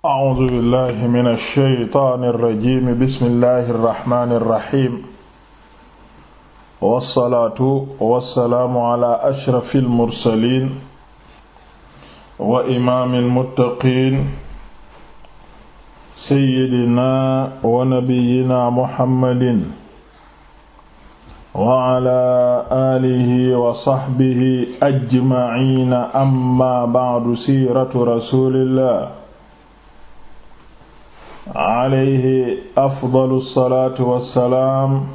A'uuzu billaahi mina shaytaani rajiim bismillaahi rahmaani rahiim. Wassalaatu wassalaamu alaa ashrafil mursaliin. wa imaamil muttaqiin. Sayyidinaa wa nabiyyinaa Muhammadin. wa alaa aalihi wa sahbihi ajma'iina amma ba'du siiratu rasuulillaah. alayhi afdalu salaatu wassalaam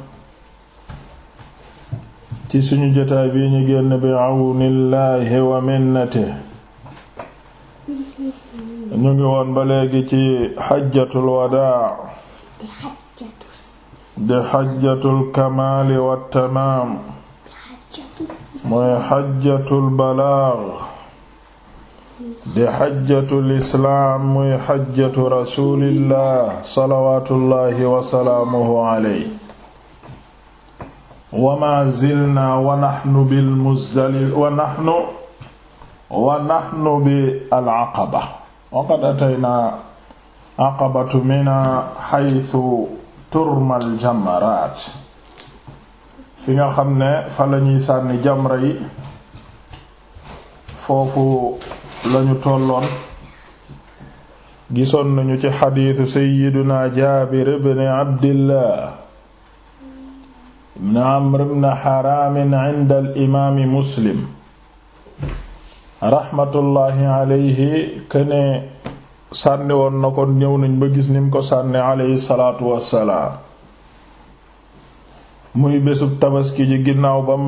ci suñu jotaay bi ñu génn bi àwnillaahi wa minnati ñu ngi woon ba léegi ci xajjatul wadaa di xajjatul kamaali wa tamaam mooy xajjatul balaag di xajjatul islaam muy xajjatu rasulillah salawatullahi wasalaamuhu aley wa ma zilna wa naxnu bil muzdali wa naxnu wa naxnu bi al aqaba wa qad ataynaa aqabatu mina xaytu turmal jamaraat fi nga xam ne fa lañuy sànni jamra yi foofu lañu tolloon gisoon nañu ci xadiisu sayyidina jaabir ibn abdillah ibn amr ibn haraam inda al imaami muslim raxmatullaahi alayhi këne sànni woon na ko ñëw nañ ba gis nim ko sànni alayhi salaatu wassalaam muy bésub tabaski ji ginnaaw bam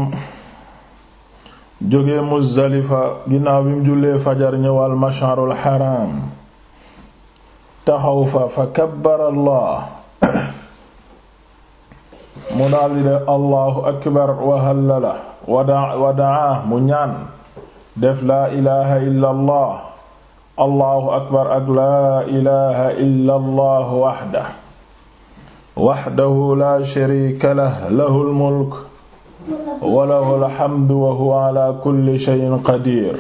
jóge Muzdalifa ginnaaw bi mu jullee fajar ñëwal masharul haram taxaw fa fa kabbara Allah mu daldi de allahu akbar wa hallala wa daa mu ñaan def laa ilaha illa allah allahu akbar ak laa ilaha illa allah waxda waxdahu la sharika lah lahu al mulk walahu alhamdu wa huwa ala kulli shay'in qadir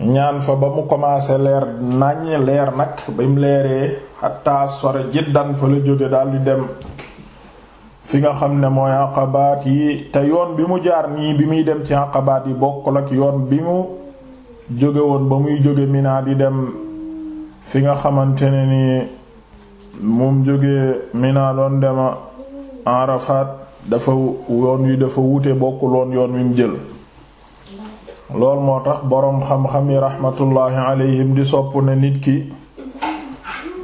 ñaan fa ba mu commencé leer nañ leer nag bi mu leeree xatta asfara jiddan fa la jóge daldi dem fi nga xam ne mooy àqabaat yi te yoon bi mu jaar nii bi muy dem ci àqabaat yi bokk ak yoon bi mu jóge ba muy jóge Mina di dem fi nga xamante ne ni moom jóge Mina doon dema Arafat dafa yoon wi dafa wuute bokkul yoon wi mu jël lool moo tax boroom xam-xam yi raxmatullaahi alayhim di sopp ne nit ki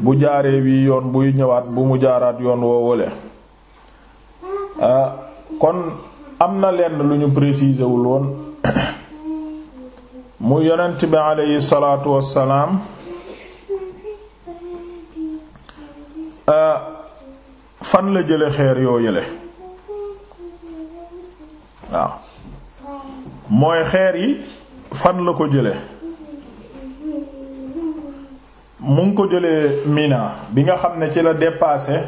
bu jaaree wi yoon buy ñëwaat bu mu jaaraat yoon woowale ah, kon am na leen lu ñu préciser wul woon mu yonent bi alayhi salaatu salaam ah, fan la jële xeer yoo yële waaw mooy xeer yi fan la ko jële mu ngi ko jëlee Mina bi nga xam ne ci la dépassé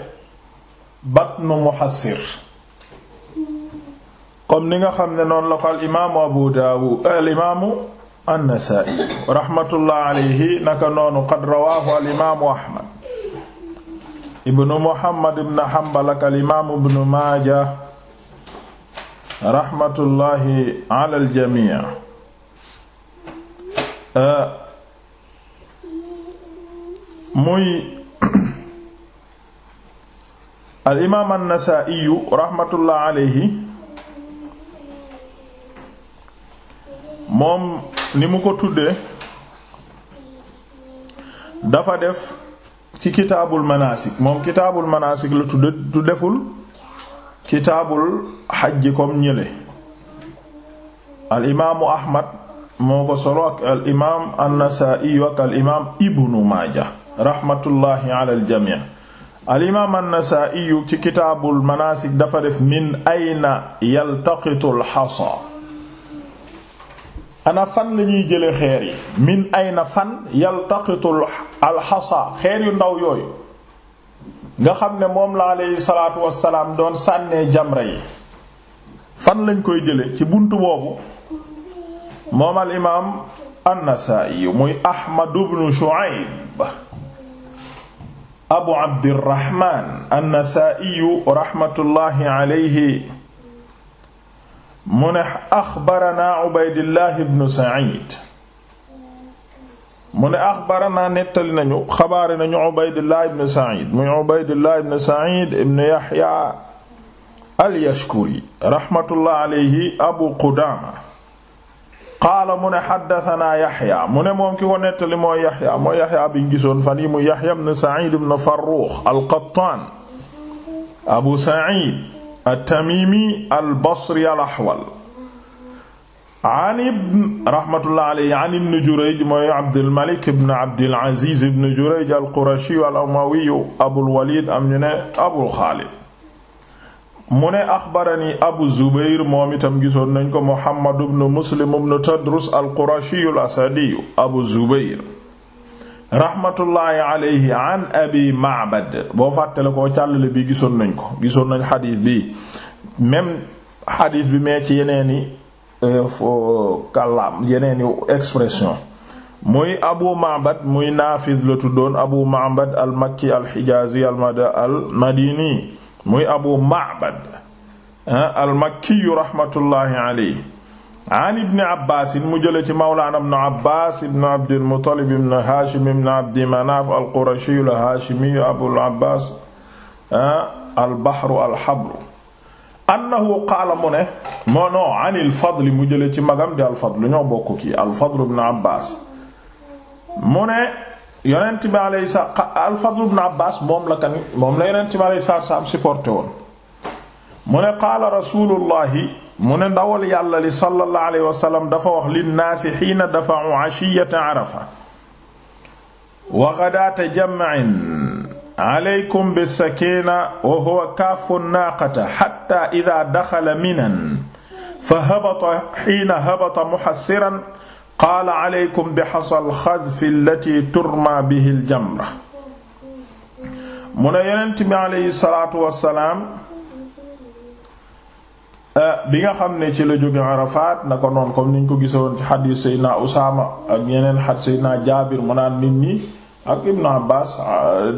batnu Muhassir comme ni nga xam ne noonu la ko al imaamu Abu Daawud al imaamu An-Nasaa'i rahmatullah alayhi naka noonu qad rawaahu al imaamu Ahmad ibnu Muhammad ibn Hanbal ak al imaamu ibnu Maaja raxmatullahi ala aljamii euh, muy al imaam annasaiyu raxmatullah alayhi moom ni mu ko tuddee dafa def ci kitaabul manaasik moom kitaabul manaasik la tu deful kitaabul xajji comme ñële al imaamu ahmad moo ko solo ak al imaam annasaiyu ak al imaam ibnu maaja raxmatullaahi ala al jamii al imaam annasaiyu ci kitaabul manaasik dafa def min ayna yaltaqitu al xasa ana fan lañuy jële xeer yi min ayna fan yaltaqitu al xasa xeer yu ndaw yooyu nga xam ne moom la aleyhi salaatu wassalaam doon sànnee jamra yi fan lañ koy jële ci bunt boobu moom al imaam an-Nasaa'i muy Ahmad ibn Shu'ayb abu Abdirrahmaan an-Nasaa'i rahmatullahi aleyhi mu ne axbaranaa Ubaydullah ibn Sa'iid mu ne axbarana nettali nañu xabaare nañu Ubaydullah ibn Sa'id muy Ubaydullah ibn Sa'id ibn Yahya al-Yashkuri rahmatullah Abu Qudama qaala mu ne xaddatana Yahya mu ne moom ki ko nettali mooy Yahya mooy Yahya biñ gisoon fan yi muy Yahya ibn Sa'id ibn Farrukh al-Qattan Abu Sa'id at-Tamimi al-Basri al-Ahwal an ibn rahmatullah alayhi an ibn mooy Abdul Malik ibn Abdul Aziz al-Qurashi al-Umawi Abul Walid am ñu ne Abul Khalid mu ne axbarani Abu Zubair moom itam gisoon nañ ko Muhammad ibn Muslim ibn Tadrus al-Qurashi al-Asadi Abu Zubair rahmatullahi alayhi an Abi Ma'bad boo fàttale ko càllale bi gisoon nañ ko gisoon nañ xadiis bi même bi mee ci yeneen yi kàllaam yeneen expression muy abu ma'bad muy naafid la tuddoon abu ma'bad al makki al muy abu ma'bad ah, al makki rahmatullahi an ibni abbas mu jële ci mawlaana ibnu abbas ibnu abdil muttalib ibnu haashim ibnu abdi manaaf al qurashiyu al haashimiyu abul abbaas ah, annahu qaala mu ne moo non an al-Fadl mu jële ci magam di al-Fadl ñoo bokk kii al-Fadl ibn Abbas mu ne yonent bi alayhi salaam al-Fadl ibn Abbas moom la kan moom la yonent bi alayhi salaam supporté woon mu ne qaala rasulullahi mu ne ndawal yàlla li sallallahu alayhi wa sallam dafa wax linnaasi xiina dafa'u ashiyata Arafa wa ghadaata jam'in aleykum bisakina wa huwa kaafu naaqata xatta ida daxala minan fa habata xiina habata muxassiran qaala aleykum bixasal xadfi allati turma bihi aljamra mu ne yonent bi aleyhi salaatu wassalaam ah, bi nga xam ne ci la jóge Arafat na ko noon comme niñ ko gisoon ci xadiis Seydina Usaama ak yeneen xadiis Seydina Jaabir mu naan nit ñi ak ibnu abbas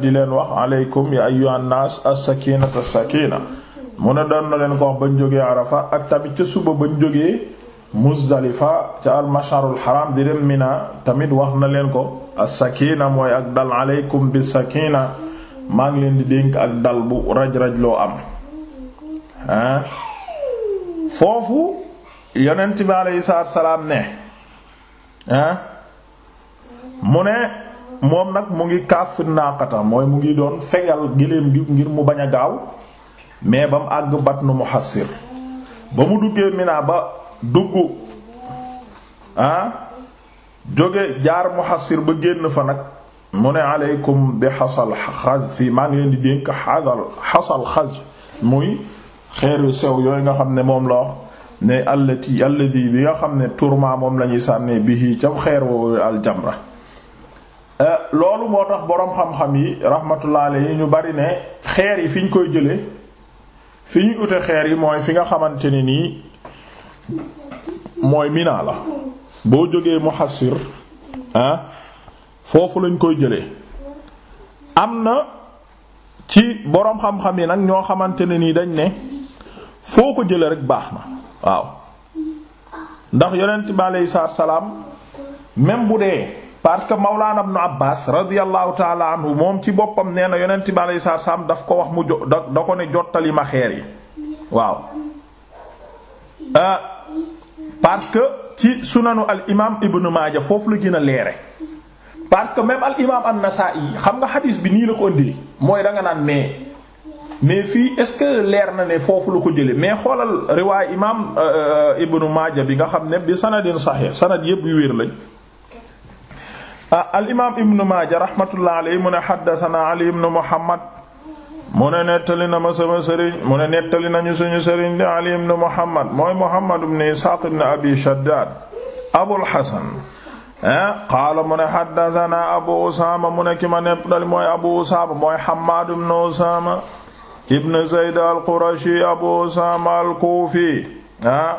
di leen wax aleykum ya ayyuhan nas as-sakinata as mu ne doon na leen ko wax bañ jógee arafa ak tamit ca suba bañ jógee muzdalifa ca al-masharul haram di dem mina tamit wax na leen ko as-sakina mooy ak dal aleykum bi sakina maa ngi leen di dénk ak dal bu raj-raj loo am foofu yonent bi aleyhi salaatu wa salaam ne ah mu ne moom nag mu ngi kaaf naaqata mooy mu ngi doon fegal géléem gi ngir mu bañ a gaaw mais ba mu àgg batnu muhassir ba mu duggee Mina ba dugg ah jóge jaar muhassir ba génn fa nag mu ne aleykum bi xasal xas fi maa ngi leen di dénk xasal xasal xas muy xeer yu sew yooyu nga xam ne moom la wax ne allati alladi bi nga xam ne tourment moom lañuy ñuy sànnee bihi ca xeer woowu aljamra Euh, loolu moo tax boroom xam-xam yi rahmatullah yi ñu bari ne xeer yi fi ñu koy jële fi ñu ute xeer yi mooy fi nga xamante ne nii mooy minaa la boo jógee Muhassir foofu lañ koy jëlee am na ci boroom xam-xam yi nag ñoo xamante ne nii dañ ne foo ko jële rek baax na waaw ndax yonent bi aleyhi salaam même bu dee parce que Mawlaana Ibnu Abbaas radiyallahu taala anhu moom ci boppam nee na yonent bi alayhi saa salaam daf ko wax mu jo da ko ne jottali ma xeer yi waaw euh, parce que ci sunanu al imaam Ibnu Maaja foofu la gën a leere parce que même al imaam An-Nasaa'i xam nga xadiis bi nii la ko ëndee mooy danga naan mais mais fii est-ce que leer na ne foofu la ko jële mais xoolal riwaay imaam euh, euh, Ibnu Maaja bi nga xam ne bi sanadin saxiix sanad yëpp yu wér lañ. Ah, al imaam ibnu maaja rahmatullah alayhi mu ne ali ibnu muhammad mu ne nettali na ma sama sëriñ mu ne nettali nañu suñu sëriñ ali ibnu muhammad mooy muhammad ibnu isxaaq ibnu abi shaddaad abul hasan eh, qaala mu ne abu usaama mu ne ki abu usaama mooy hammaad ibnu usaama ibnu zayd al abu usaama al kuufi ah,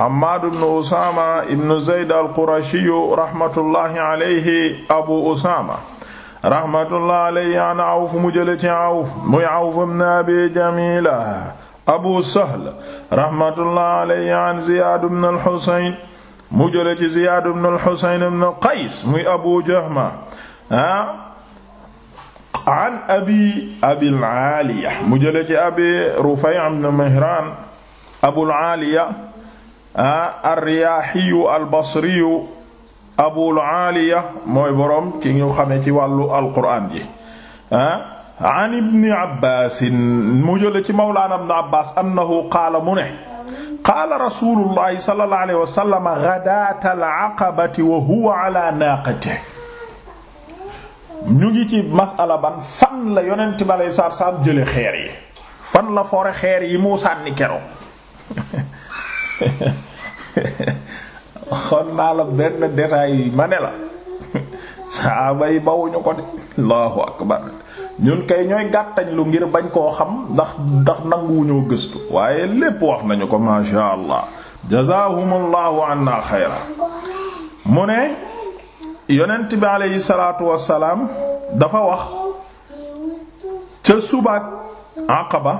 Hammaad ibn Usaama ibn Zayd al-Qurashiyu rahmatullahi alayhi Abu Usaama rahmatullahi alayhi an Awf mu jële ci Awf muy Awf ibn Abi Jamila Abu Sahl rahmatullahi alayhi an Ziyaad ibn al-Husayn mu jële ci Ziyaad ibn al-Husayn ibn Qays muy Abu Jahma an abi Abil Aaliya mu jële ci Abi Rufay' ibn Mihraan Abul Aaliya arriyaaxiyu albasriyu abul aliya mooy boroom ki ñu xamee ci wàllu alquraan ji an ibni abbaasin mu jële ci mawlaana ibni abbaas annahu qaala mu ne qaala rasuulullahi sallallahu alayhi wa sallam gadaatal aqabati wa huwa ala naaqatihi ñu ngi ci masala ban fan la yonent bi alayhi salaatu wa salaam jële xeer yi fan la foore xeer yi mu sànni keroog xon naa la benn détail yi ma ne la saaba yi bawuñu ko de allahu akbar ñun kay ñooy gàttañ lu ngir bañ koo xam ndax ndax nanguwuñoo gëstu waaye lépp wax nañu ko ma sha allah jazaahumullahu anna xayra mu ne yonent bi aleyhi salaatu wassalaam dafa wax ca subaak ba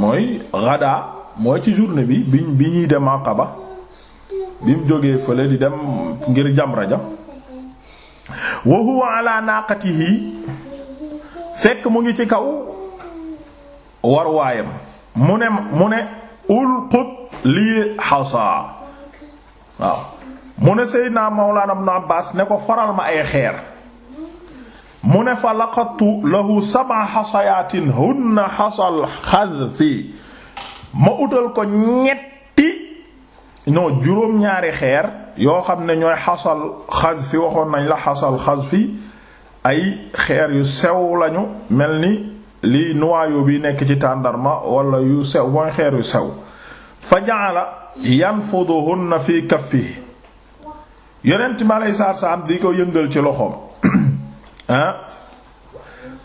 mooy ghadaa mooy ci jurne bi bi bi ñuy dem Aqaba bi mu jógee fële di dem ngir jamra ja wa huwa ala naqatihi mu ngi ci kaw war waayam mu ne mu ne lii xasaa waaw mu ne Seydina Mawlana Ibn Abbas ne ko faral ma ay xeer mu ne fa laqattu lahu sab'a xasayaatin hunna xasal xadfi ma utal ko ñetti ñoo juróom-ñaari xeer yoo xam ne ñooy xasal xas fi waxoon nañ la xasal xas fi ay xeer yu sew lañu mel ni li noyau bi nekk ci tàndarma wala yu sew mooy xeer yu sew fa ja'ala na fi kaffihi yonent mi alayhi salaatu salaam di ko yëngal ci loxoom ah,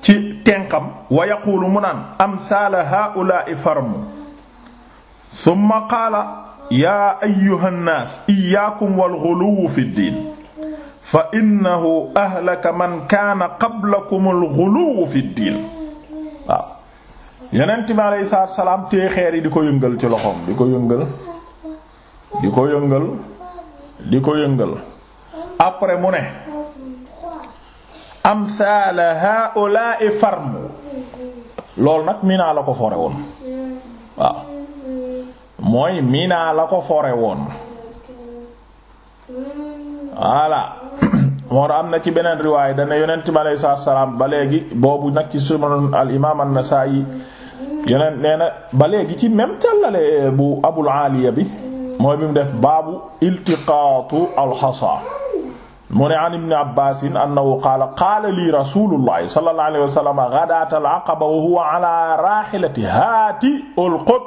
ci tenqam wa yaqulu mu naan amsaala haa'ulaa'i farmu summa ya yaa ayyuha nnaas iyyaakum wal ghuluwwi fi ddiin fa innahu ahlaka man kaana qablakum al ghuluwwi fi ddiin waaw yonent bi alayhi salaam tee xeer yi di ko yëngal ci loxoom di ko yëngal di ko yëngal di ko yëngal après mu ne amsaal haa'ulaa'i loolu nag mi naa la ko fore woon waaw mooy Mina la ko fore woon voilà moo am na ci beneen riwaay dana yonent bi aleyhi salaatu salaam ba léegi boobu nag ci sunan al imaam an-Nasaa'i yonent nee na ba léegi ci même càllale bu Abul Aliya bi mooy bi mu def baabu iltiqaatu al-hasaa mu ne an ibni abbasin annahu qaala qaala lii rasulullahi sallallahu alayhi wa sallam ghadaat al-aqaba wa huwa ala raahilati haati ulqut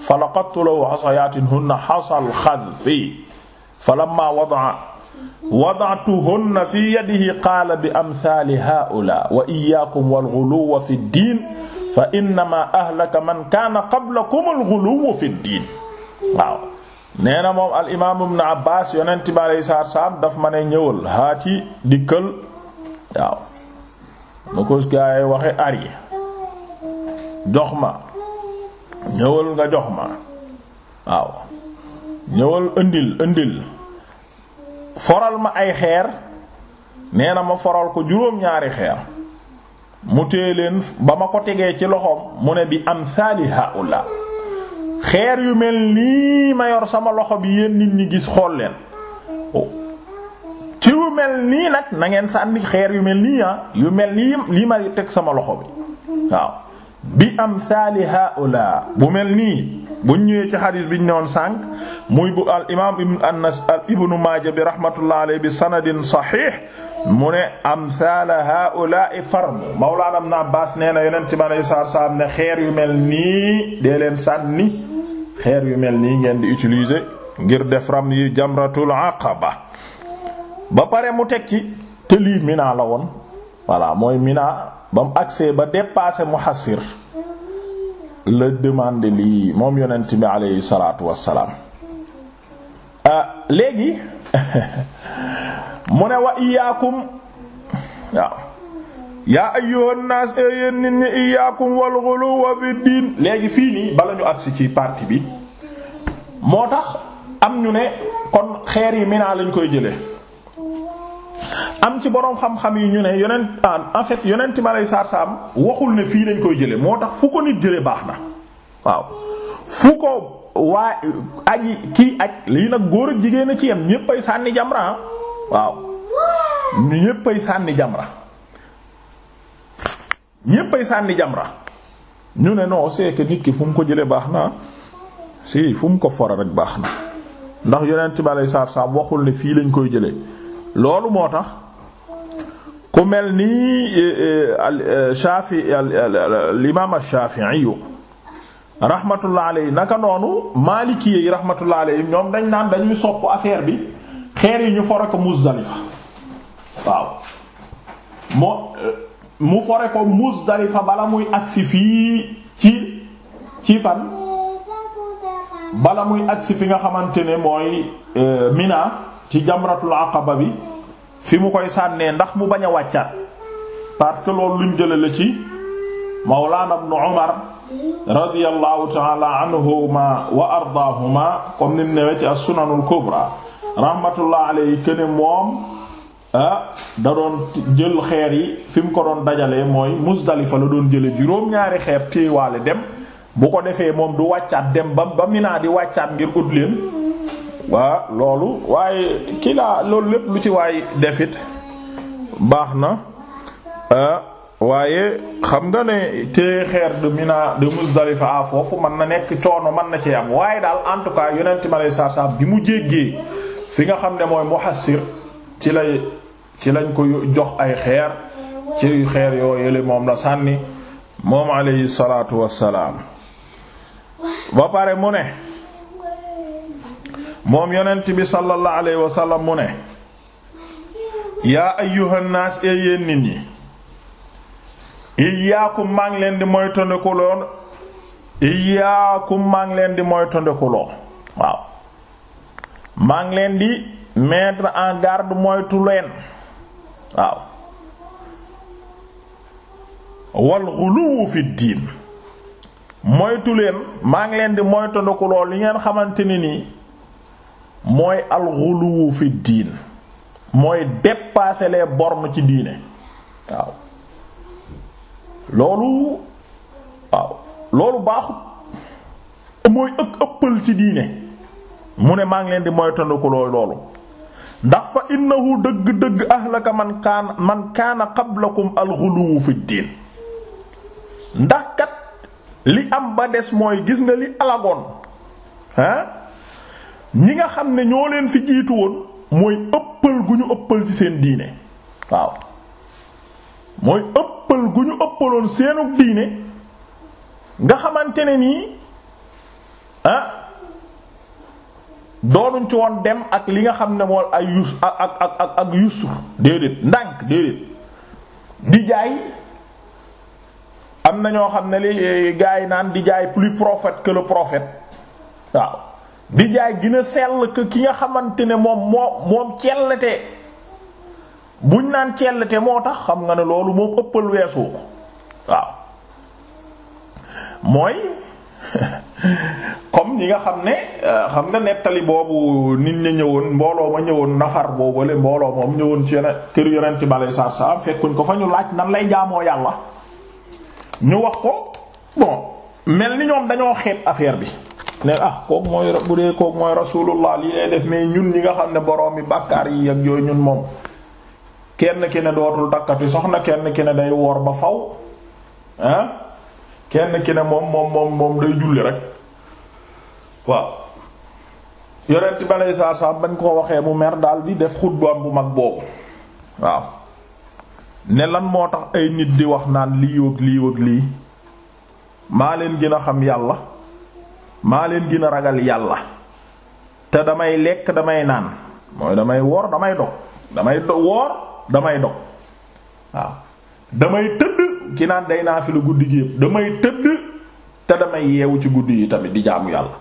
fa laqattu lahu xasayaatin hunna xasal xadfi fa lamma wadaa wadaatuhunna fi yadihi qaala bi amsaali haula wa iyaakum walguluwa fi diin fa innama ahlaka man kaana qablakum alguluwu fi diin waaw nee na moom al imaam ibn Abbaas yonent bi alayhi salaatu salaam daf ma ne ñëwal haati dikkal waaw ma ko gaay waxe ari jox ma ñëwal nga jox ma waaw ñëwal indil indil foral ma ay xeer nee na ma foral ko juróom-ñaari xeer mu tée leen ba ma ko tegee ci loxoom mu ne bi am saali haula xeer yu mel nii ma yor sama loxo bi yéen nit ñi gis xool leen oh. ci yu mel nii nag nangeen ngeen sànni xeer yu mel nii ah yu mel nii lii ma teg sama loxo bi waaw bi amsaali haula bu mel nii buñ ñëwee ci xadis biñ newoon sànq muy bu al imaam ibn anas al ibnu maaja bi rahmatullah alayhi bi sanadin saxiix mu ne amsaala haula i farm mawlaana ibn abbaas nee na yonent bi alayhi salaatu salaam ne xeer yu mel nii dee leen sànni xeer yu mel nii ngeen di utilise ngir def ram yi jamratul aqaba ba pare mu tekki te lii mi naa voilà mooy Mina ba mu agsee ba dépassé Muhassir la demande lii moom yonent bi aleyhi salaatu wassalaam euh, léegi mu ne wa iyaakum waaw yaa ayyuhan naas yéen nit ñi iyaakum wal ghuluw fi diin léegi fii nii bala ñu agsi ci parti bi moo tax am ñu ne kon xeer yi Mina lañ koy jële am ci boroom xam-xam yi ñu ne yonent en fait yonent ma lay saar saam waxul ne fii lañ koy jële moo tax fu ko nit baax na waaw fu ko waa aji kii aj lii nag góor a jigéen a ci yem ñéppay sànni jamra ah. waaw ñéppay sànni jamra ñéppay sànni jamra ñu ne non c'est que nit ki fu mu ko jële baax na ah. si fu mu ko fora rek baax na ndax yonent bi aleyhi salaatu salaam waxul ne fii lañ koy jële loolu moo tax ku mel ni Shaafi e, e, al e, imaam Shaafi'i rahmatullah alayhi naka noonu Maliki yi rahmatullah alayhi ñoom dañ naan dañuy sopp affaire bi xeer yi ñu fore ko Muzdalifa waaw moo mu fore ko Muzdalifa bala muy agsi fi ci ci fan bala muy agsi fi nga xamante ne mooy Mina ci jamratul aqaba bi fi mu koy sànnee ndax mu bañ a wàccaat parce que loolu luñ jële la ci mawlaana ibnu umar radiyallahu taala anhuma wa ardaahuma comme nim newe ci as kubra rahmatullah alayhi kene moom ah da doon jël xeer yi fi mu ko doon dajale mooy Muzdalifa la doon jële juróom-ñaari xeer téewaale dem bu ko defee moom du wàccaat dem ba ba Mina di wàccaat ngir ut leen waa loolu waaye ki laa loolu lépp lu ci waay defit baax na euh, waaye xam nga ne te xeer de Mina de Muzdalifa a ah, foofu mën na nekk coono mën na ci am waaye daal en tout cas yonent ma lay saar saar bi mu jéggee fi nga xam ne mooy mu assir ci lay ci lañ ko jox ay xeer ci xeer yoo yële moom la sànni moom alayhi salaatu wassalaam ba pare mu ne moom yonent bi sallallahu alayhi wa mu ne yaa ayyuhan naas ee yéen nit ñi iyyaakum maa ngi leen di mooy tondekuloo iyyaakum maa leen di mooy tondekuloo waaw maa ngi leen di mettre en garde moytu leen waaw wal ghuluwu fi diin moytu leen maa ngi leen di moytu li ngeen xamante ni nii mooy alxuluwu fi diin mooy dépasser les ci diine waaw loolu waaw loolu baaxut mooy ëppal ci diine mu ne maa ngi leen di moytandiku loolu ndax fa innahu dëgg-dëgg ahlaka man kaana man kaana alxuluwu fi diin ndax kat li am ba des mooy gis nga li alagoon ah ñi nga xam ne ñoo leen fi jiitu woon mooy ëppal gu ñu seen diine waaw mooy ëppal gu ñu ëppaloon seenu diine nga xamante ne nii ah doonuñ ci woon dem ak li nga xam ne mool ay yus ak ak ak ak déedéet ndànk déedéet di jaay am na ñoo xam ne li eh, gaay naan di jaay plus prophète que le prophète waaw di jaay gina sell que ki nga xamante ne moom moo moom cellete buñ naan cellete moo tax xam nga ne loolu moo ëppal weesu ko waaw mooy comme ñi nga xam ne euh, xam nga nettali boobu nit ña ñëwoon mbooloo ma ñëwoon nafar boobale mbooloo moom ñëwoon ci yeneen kër yeneen ci balay sar sa fekkuñ ko fa ñu laaj nan lay jaamoo yàlla ñu wax ko bon mel ni ñoom dañoo xeeb affaire bi ne ah kooku mooy bu dee kooku mooy rasulullah lii lay def mais ñun ñi nga xam ne borom yi bàkkaar yi ak yooyu ñun moom kenn ki ne dootul takkati soxna kenn ki ne day woor ba faw ah kenn ki ne moom moom moom day julli rek waaw yorenti ba lay saar saar bañ koo waxee mu mer daal di def xutbaam bu mag boobu waaw ne lan moo tax ay nit di wax naan lii ak lii ak lii maa leen gën a xam yàlla maa leen gën a ragal yàlla te damay lekk damay naan mooy damay woor damay dog damay do woor damay dog waaw damay tëdd ki naan day naa fi lu guddi gi damay tëdd te damay yeewu ci guddi yi tamit di jaamu yàlla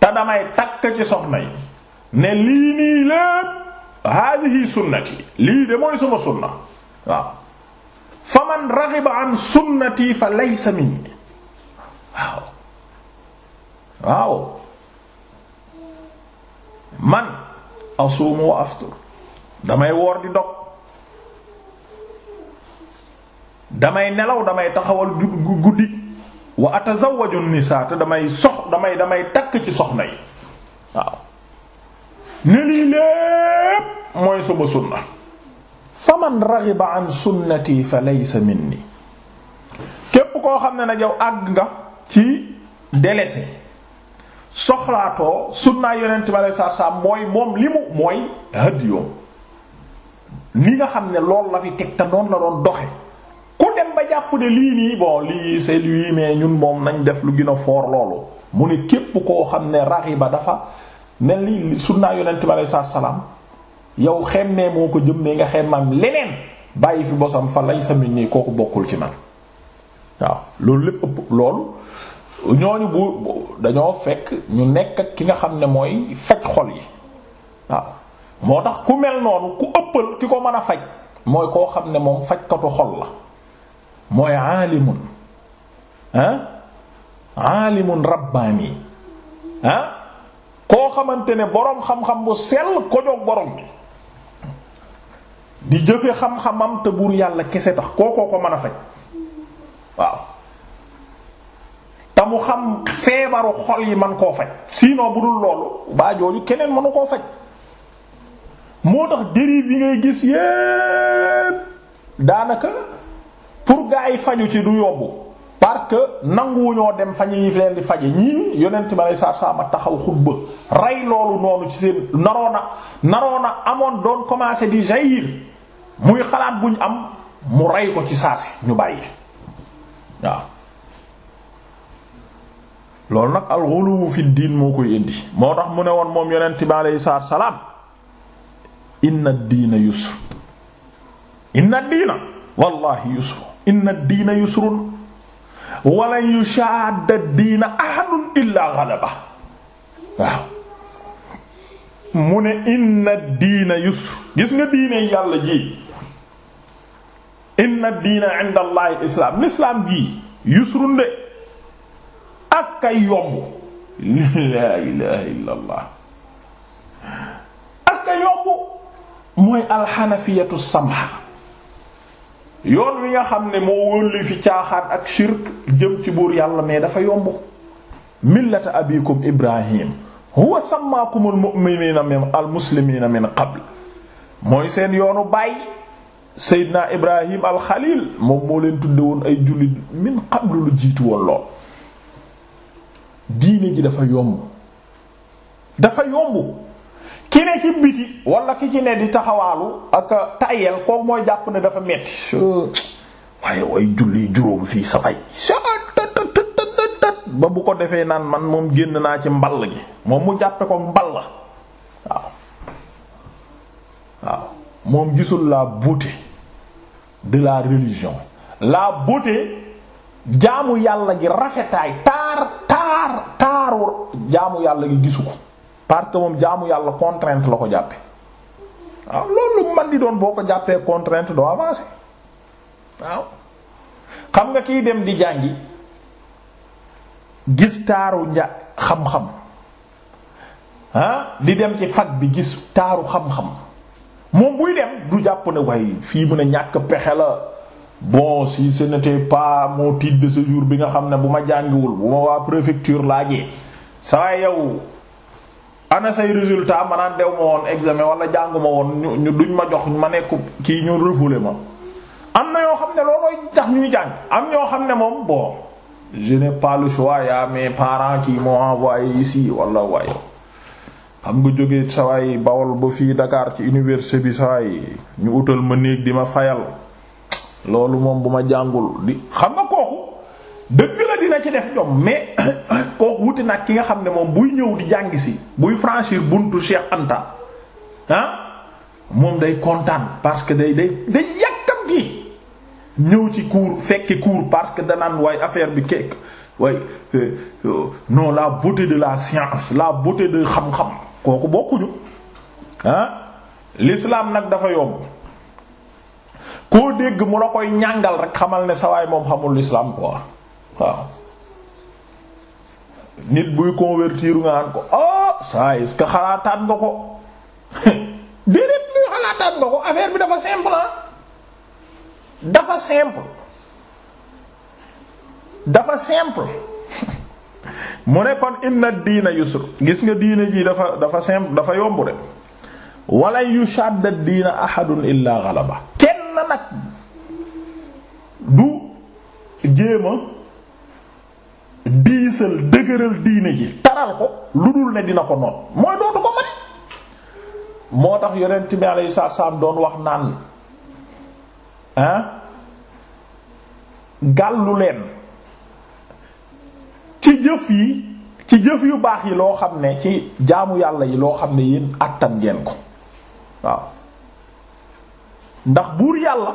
te damay takk ci soxna yi ne lii nii lépp haadihi sunnati lii de mooy sama sunna waaw fa man raxiba an sunnati fa laysa minni waaw waaw man asuumu wa aftur damay woor di dog damay nelaw damay taxawal guddi wa atazawwaju nisaa te damay sox damay takk ci soxna yi waaw ne lii lépp mooy sama sunna faman raghiba an sunnati fa laysa minni képp koo xam ne nag yow àgg nga ci délaissé soxlaatoo sunnaa yonent bi alei satu salaam mooy moom li mu mooy hadiyoom li nga xam ne loolu la fi teg te la doon doxe ku dem ba jàpp ne lii nii bon lii c'est lui mais ñun moom nañ def lu gina foor loolu mu ne képp koo xam ne raxiba dafa ne ni sunnaa yonent bi alei satu salaam yow xemmee moo ko jëm ne nga xemmam leneen bàyyi fi bosam fa lay sa mit nii kooku bokkul ci man waaw loolu lépp ëpp loolu ñooñu bu dañoo fekk ñu nekk ak ki nga xam ne mooy faj xol yi waaw moo tax ku mel noonu ku ëppal ki ko mën a faj mooy koo xam ne moom fajkatu xol la mooy aalimun ah aalimun rabbaani ah? koo xamante ne boroom xam-xam bu sell ko boroom bi di jëfe xam-xamam te buur yàlla kese tax koo ko mën a faj waaw te mu xam feebaru xol yi man koo faj sinon bu dul loolu baa jooju keneen mënu koo faj moo tax dérive yi ngay gis yépp daanaka pour gaa yi faju ci du yobbu parce que nanguwuñoo dem fañ yi fi leen di faje ñii yonent ma lay saar saama taxaw xutba rey loolu noonu ci seen naroona naroona amoon doon commencé di jaillir muy xalaat buñ am mu rey ko ci saasi ñu bàyyi waaw lool nag alxuluwu fi diin moo koy indi moo tax mu ne woon moom yonent bi aleyhi salaatu salaam inna diina yusr inna diina wallahi yusr inna diina yusrun walan yushaadda diina ahadun illaa mu ne inna diina yusr gis nga diine yàlla ji inna diina inda allahi islaam lislaam gi yusrun de ak ay yomb laa ilaha illa ak ay yomb mooy alxanafiyatu samha yoon wi nga xam ne moo wólli fi caaxaan ak shirk jëm ci buur yàlla mais dafa yomb millata abikum ibrahim huwa sammaakumul mu'minina min qabl mooy seen yoonu baay Seydina Ibrahim al Khalil moom moo leen tudde woon ay jullit min qabl lu jiitu woon lool diine ji dafa yomb dafa yomb ki ne ci biti wala ki ci ne di taxawaalu ak tayel kooku mooy jàpp ne dafa metti waaye way julli juróom fii sabay ba bu ko defee naan man moom génn naa ci mball gi moom mu jàppe ko mball waaw waaw moom gisul la beauté de la religion la beauté jaamu yàlla gi rafetaay taar taar taaru jaamu yàlla gi gisu ko parce que moom jaamu yàlla contrainte la ko jàppe waaw loolu man di doon boo ko jàppee contrainte doo avancer waaw xam nga kiy dem di jàngi gis taaru nja xam-xam ah di dem ci fag bi gis taaru xam-xam moom buy dem du jàpp ne waaye fii mën a ñàkk pexe la bon si ce n'était pas mon titre de séjour bi nga xam ne bu ma jàngiwul bu ma waa préfecture laajee saa yow ana say résultat ma naan dew ma woon examen wala jàngu ma woon ñu duñ ma jox ma nekku kii ñu refoulé ma. am na yoo xam ne loolooy tax ñuy jàng am ñoo xam ne moom bon je n'ai pas le choix y a mes parents qui envoyé ici wala waaye xam nga jóge sawaay bawol ba fii Dakar ci université bi sawaay ñu utal ma néeg di ma fayal. loolu moom bu ma jàngul di xam nga kooku dëgg la dina ci def jom mais kooku wuti nag ki nga xam ne moom buy ñëw di jàng si buy franchir buntu Cheikh Anta ah moom day kontaan parce que day day day yàkkamti ñëw ci cours fekki cours parce que danaan waaye affaire bi kekk waaye euh, euh, non la beauté de la science la beauté de xam-xam kooku bokkuñu ah l'islam nag dafa yomb. koo dégg mu la koy ñàngal rek xamal ne sawaay moom xamul l'islam quoi waaw nit buy convertir nga naan ko ah ça est xalaataat nga ko déedéet luy xalaataat nga ko affaire bi dafa simple ah dafa simple dafa simple mu ne kon inna diina yusr gis nga diina ji dafa dafa simple dafa yomb de yu yushadda diina ahadun illa ghalaba nag du jéema diisal dëgëral diine ji taral ko lu dul ne dina ko noon mooy dootu ko mën moo tax yonent bi yu salaam doon wax naan ah gàllu leen ci jëf yi ci jëf yu baax yi loo xam ne ci jaamu yàlla yi loo xam ne yéen àttan ngeen ko waaw ndax buur yàlla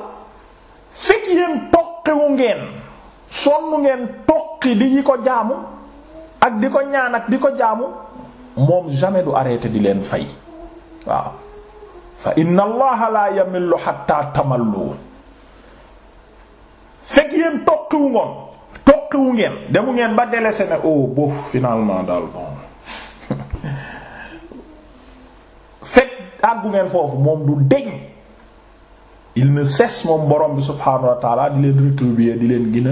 fekk yéen toqiwu ngeen sonn ngeen toqi di ko jaamu ak di ko ñaan ak di ko jaamu moom jamais du arrêté di leen fay waaw fa inna allaha la yamillu hatta fekk yéen toqiwu ngoon toqiwu ngeen demu ngeen ba délaissé ne oh boof finalement daal bon fekk àggu ngeen foofu moom du deñ il ne cesse moom borom bi subhaanahu wa taala di leen rétribuer di leen gën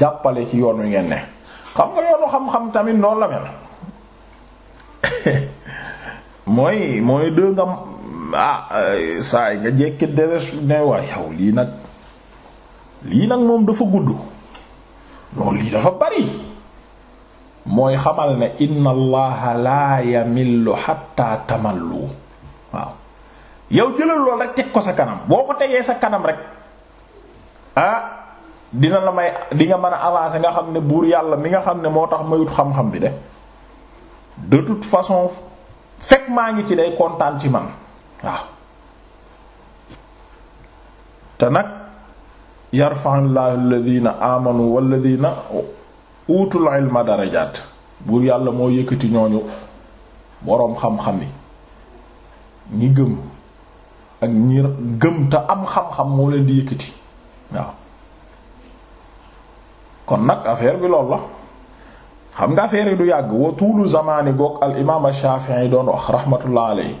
jàppale ci yoon wi ngeen ne xam nga yoonu xam-xam tamit noonu la mel mooy mooy dë nga ah nga jekki deres ne waa yow lii nag lii nag moom dafa gudd noonu lii dafa bari mooy xamal ne inna allaha laa yamillu hatta tamallu yow jëlal lool rek teg ko sa kanam boo ko tegee sa kanam rek ah dina la may di nga mën a avancer nga xam ne buur yàlla mi nga xam ne moo tax mayut xam-xam bi de de toute façon fekk maa ngi ci day kontaan ci man waaw te nag yarfa'illahu alladhina amanu walladhina utul ilma darajaat buur yàlla moo yëkkati ñooñu boroom xam-xam yi ñi gëm ak ñi gëm te am xam-xam moo leen di yëkkati waaw kon nag affaire bi loolu la xam nga affaire yi du yàgg wa tuulu zamaani goog al imaam Shaafi'i doon wax rahmatullah alayhi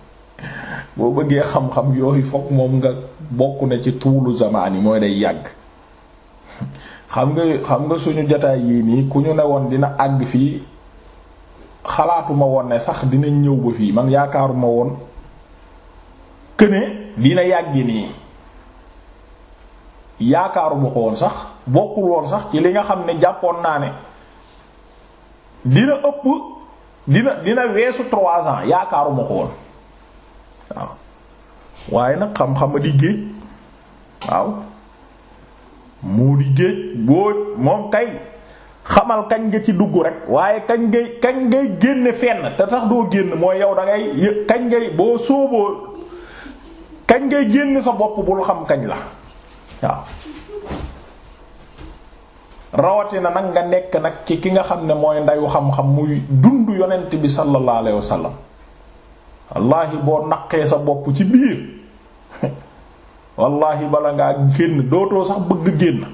boo bëggee xam-xam yooyu fokk moom nga bokk ne ci tuulu zamaani mooy day yàgg xam nga xam nga suñu jotaay yii nii ku ñu ne woon dina àgg fii xalaatuma woon ne sax dina ñëw ba fii man yaakaaruma woon këne dina yàggi nii yaakaaru bu ko woon sax bokkul woon sax ci li nga xam ne jàppoon naa ne dina ëpp dina dina weesu trois ans yaakaaruma ko woon waaw waaye nag xam a di géej waaw moo di géej boo moom kay xamal kañ nga ci dugg rek waaye kañ ngay kañ ngay génne fenn te sax doo génn mooy yow da kañ ngay boo sóoboo kañ ngay génn sa bopp bul xam kañ la waaw rawatina nag nga nekk nag ci ki nga xam ne mooy ndayu xam-xam muy dund yonent bi sallallahu alayhi wasallam wallaahi boo naqee sa bopp ci biir wallaahi bala ngaa génn dootoo sax bëgg génn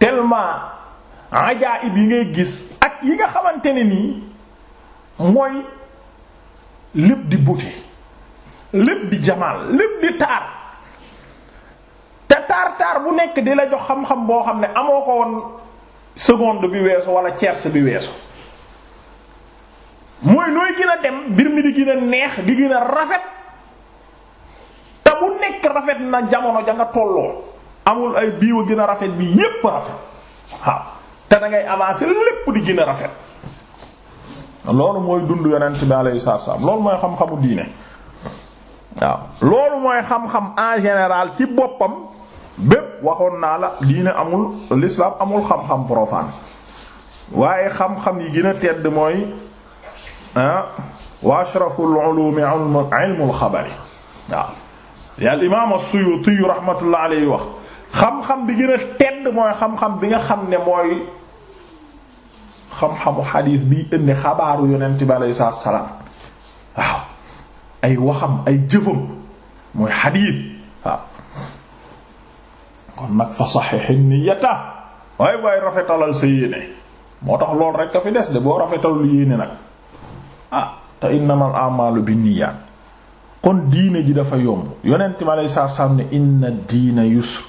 tellement ajaib yi ngay gis ak yi nga xamante ne nii mooy lépp di buté lépp di jamaal lépp di taar te taar taar bu nekk di la jox xam-xam boo xam ne amoo ko woon seconde bi weesu wala tierce bi weesu mooy nooy gën dem mbir mi di gën neex di gën rafet te bu nekk rafet na jamono ja nga tolloo amul ay biiwa gën a rafet bi yépp rafet waaw te da ngay avancer lépp di gën rafet loolu mooy dund yonent bi alayhi salaam loolu mooy xam-xamu diine waaw loolu mooy xam-xam en général ci boppam bépp waxoon naa la diine amul l'islam amul xam-xam profane waaye xam-xam yi gën a tedd mooy ah wa ashraful ulumi ilmul xabari waaw yàlla imaam wax xam-xam bi gën a tedd mooy xam-xam bi nga xam ne mooy xam-xamu xadiis bi indi xabaaru yonent bi alayhi salaam waaw ay waxam ay jëfam mooy xadiis waaw kon nag fa saxixi niyata waay waay rafetalal sa yéene moo tax loolu rek a fi des de boo rafetalul yéene nag ah te innamal a'malu binniyat kon diine ji dafa yomb yonent mi aleyhi salaatu salaam ne inna diina yusr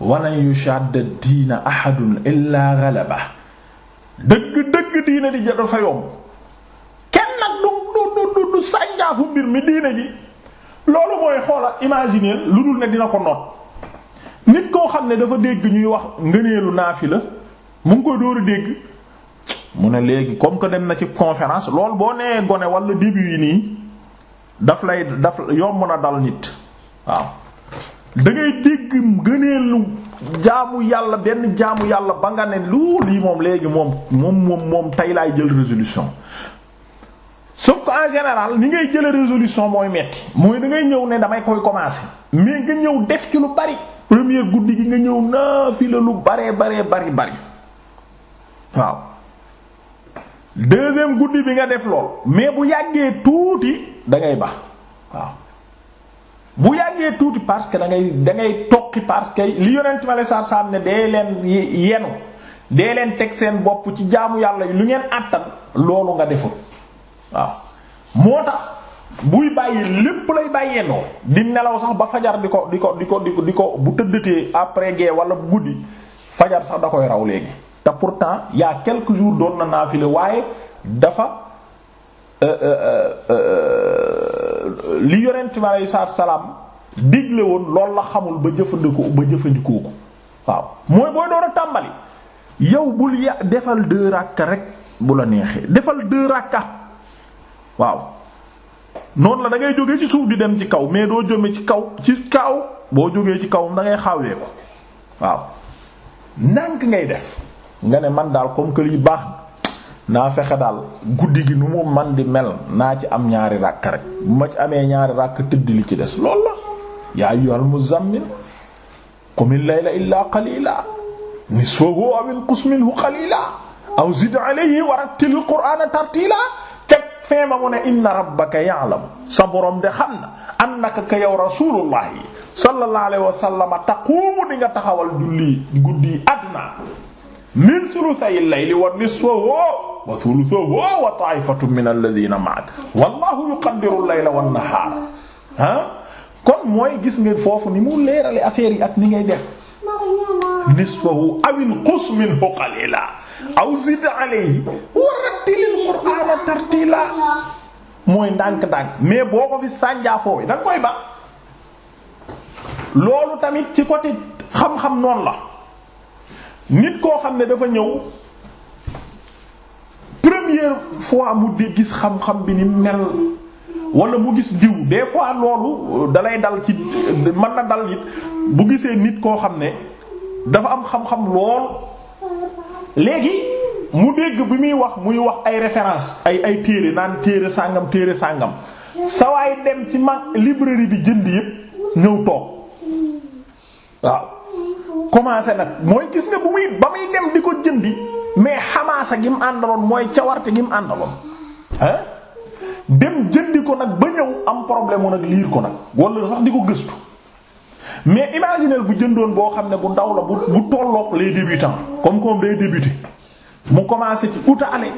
walan yushadda diina ahadun illa ghalaba dëgg dëgg diine di dafa yomb du du sànjaafu mbir mi diine ji loolu mooy xoola imaginer lu dul ne dina ko noot nit koo xam ne dafa dégg ñuy wax ngëneelu la mu ngi koy dóor dégg mu ne léegi comme que dem na ci conférence lool boo nee gone wala début yi nii daf lay daf yomb na dal nit waaw da ngay dégg ngëneelu jaamu yàlla benn jaamu yàlla ba nga ne lu lii moom léegi moom moom moom moom tey laay jël résolution sauf que en général ni ngay jële résolution mooy metti mooy da ngay ñëw ne damay koy commencer mais nga ñëw def ki lu bari première guddi gi nga ñëw naa fi la lu baree baree bari bari waaw deuxième guddi bi nga def lool mais bu yàggee tuuti da ngay bax waaw bu yàggee tuuti parce que da ngay da ngay toqi parce que li yonent ma la saa saa ne dee leen yenu dee leen teg seen bopp ci jaamu yàlla yi lu ngeen àttan loolu nga deful waaw moo tax buy bàyyi lépp lay bàyyee noo di nelaw sax ba fajar di ko di ko di ko di ko di ko bu tëddatee après gee wala bu guddi fajar sax da koy raw léegi te pourtant il y a jours doon na naafile waaye dafa euh, euh, euh, li yonent bi salaam digle woon loolu la xamul ba jëfandikoo ba jëfandikoo ko waaw mooy booy door a tàmbali yow bul ya defal deux rakka rek bu la neexee defal deux rakka waaw noonu la dangay ngay ci suuf di dem ci kaw mais doo jëme ci kaw ci kaw boo jógee ci kaw da dangay xawee ko waaw ndànk ngay def nga ne man daal comme que lii baax naa fexe daal guddi gi nu mu man di mel naa ci am ñaari ràkk rek bu ma ci amee ñaari ràkk tëdd li ci des lool la yaa ayyuhal muzammil qumil layla illaa qalila nisfahu aw inqus minhu qalila aw zid alayhi warattilil qur'ana tartila fin ba mu ne inna rabbaka ya'lamu sa borom de xam na annaka ka yow rasulullah yi sallallahu alayhi wa sallama taquumu di nga taxawal julli guddi adna min thuluthay al-layli wa nisfahu wa thuluthahu wa ta'ifatun min alladhina ma'ak wallahu yuqaddiru al-layla wan-nahara ah kon mooy gis ngeen foofu ni mu leerale affaire yi ak ni ngay def nisfahu awinqus minhu qalila aw zid alayhi wa rattilil qur'ana tartila mooy ndànk-ndànk mais boo ko fi sànjaafoo bi da koy ba loolu tamit ci côté xam-xam noonu la nit koo xam ne dafa ñëw première fois mu di gis xam-xam bi ni mel walla mu gis diw des fois loolu dalay dal ci mën na dal it bu gisee nit koo xam ne dafa am xam-xam lool léegi mu dégg bi muy wax muy wax ay référence ay ay téere naan téere sàngam téere sàngam sawaay dem ci mag librairie bi jënd yépp ñëw toog waaw commencé nag mooy gis nga bu muy ba muy dem di ko jëndi mais xamaasa gi mu àndaloon mooy cawarte gi mu àndaloon ah dem jëndi ko nag ba ñëw am problème mu nag liir ko nag wala sax di ko gëstu mais imaginez bu jëndoon boo xam ne bu ndaw la bu bu tolloog les débutants comme comme day débuter mu commencé ci utaale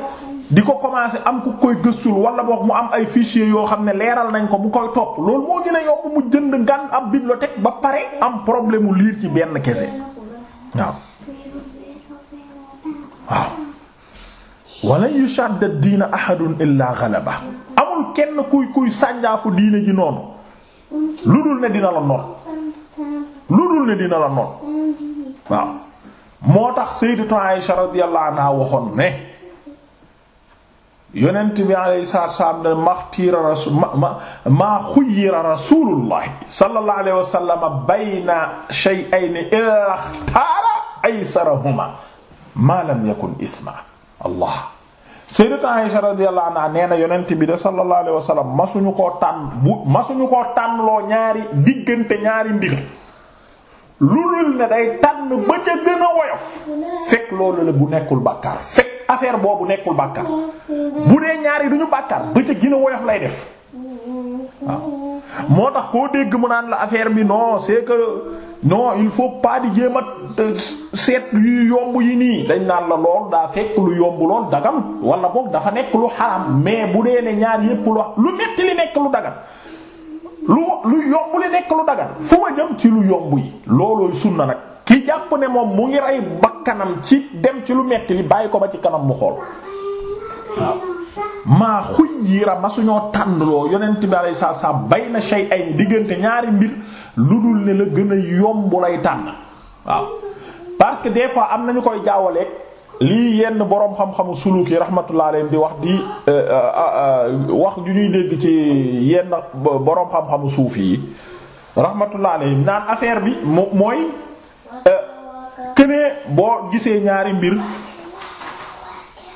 di ko commencé am ku koy gëstul wala boog mu am ay fichiers yoo xam ne leeral nañ ko bu koy topp loolu moo gën a yomb mu jënd gan ab teg ba pare am problème mu liir ci benn kese waaw waaw wala yushadda diina ahadun illa ghalaba amul kenn kuy kuy sànjaafu diine ji noonu lu dul ne dina la noon wóorul ne dina la noon waaw moo tax sayyidatu Aisha radiyallahu anha waxoon ne yonent bi alayhi salaatu wa salaam ne maxtiira rasul maa xuyyira rasulullahi sallallahu alayhi wa sallam bayna shay'ayni illa xtaara aysarahuma maa lam yakun isma allah sayyidatu Aisha radiyallahu anha nee na yonent bi de sallallahu alayhi wa sallam masuñu koo tànn bu masuñu koo tànn loo ñaari diggante ñaari mbir lu lul ne day tànn ba ca woyof fekk loolu la bu nekkul bàkkaar fekk affaire boobu nekkul bàkkaar bu dee ñaari duñu bàkkaar ba ca gën a woyof lay def waaw moo tax koo dégg mu naan la affaire bi non c'est que non il faut pas di euh, seet yu yomb yi nii dañ naan la lool daa fekk lu yomb lool dagan wala boog dafa nekk lu xaram mais bu dee ne ñaar yépp lu lu metti li nekk lu dagan lu lu yomb li nekk lu dagan fu ma jëm ci lu yomb yi loolooy sunna nag ki jàpp ne moom mu ngi rey bakkanam ci dem ci lu metti li bàyyi ko ba ci kanam mu xool waaw maa xuy yiira ma suñoo tàndloo yonent ba alayhi salaatu salaam bay na shay ay diggante ñaari mbir lu dul ne la gën a yomb lay tànn waaw parce que des fois am nañu koy jaawaleek lii yenn boroom xam-xamu suluk yi rahmatullah alayhi di wax di eh, eh, eh, wax ju ñuy dégg ci yenn boroom xam-xamu suufi yi rahmatullah alayhi naan affaire bi mo mooy kënee boo gisee ñaari mbir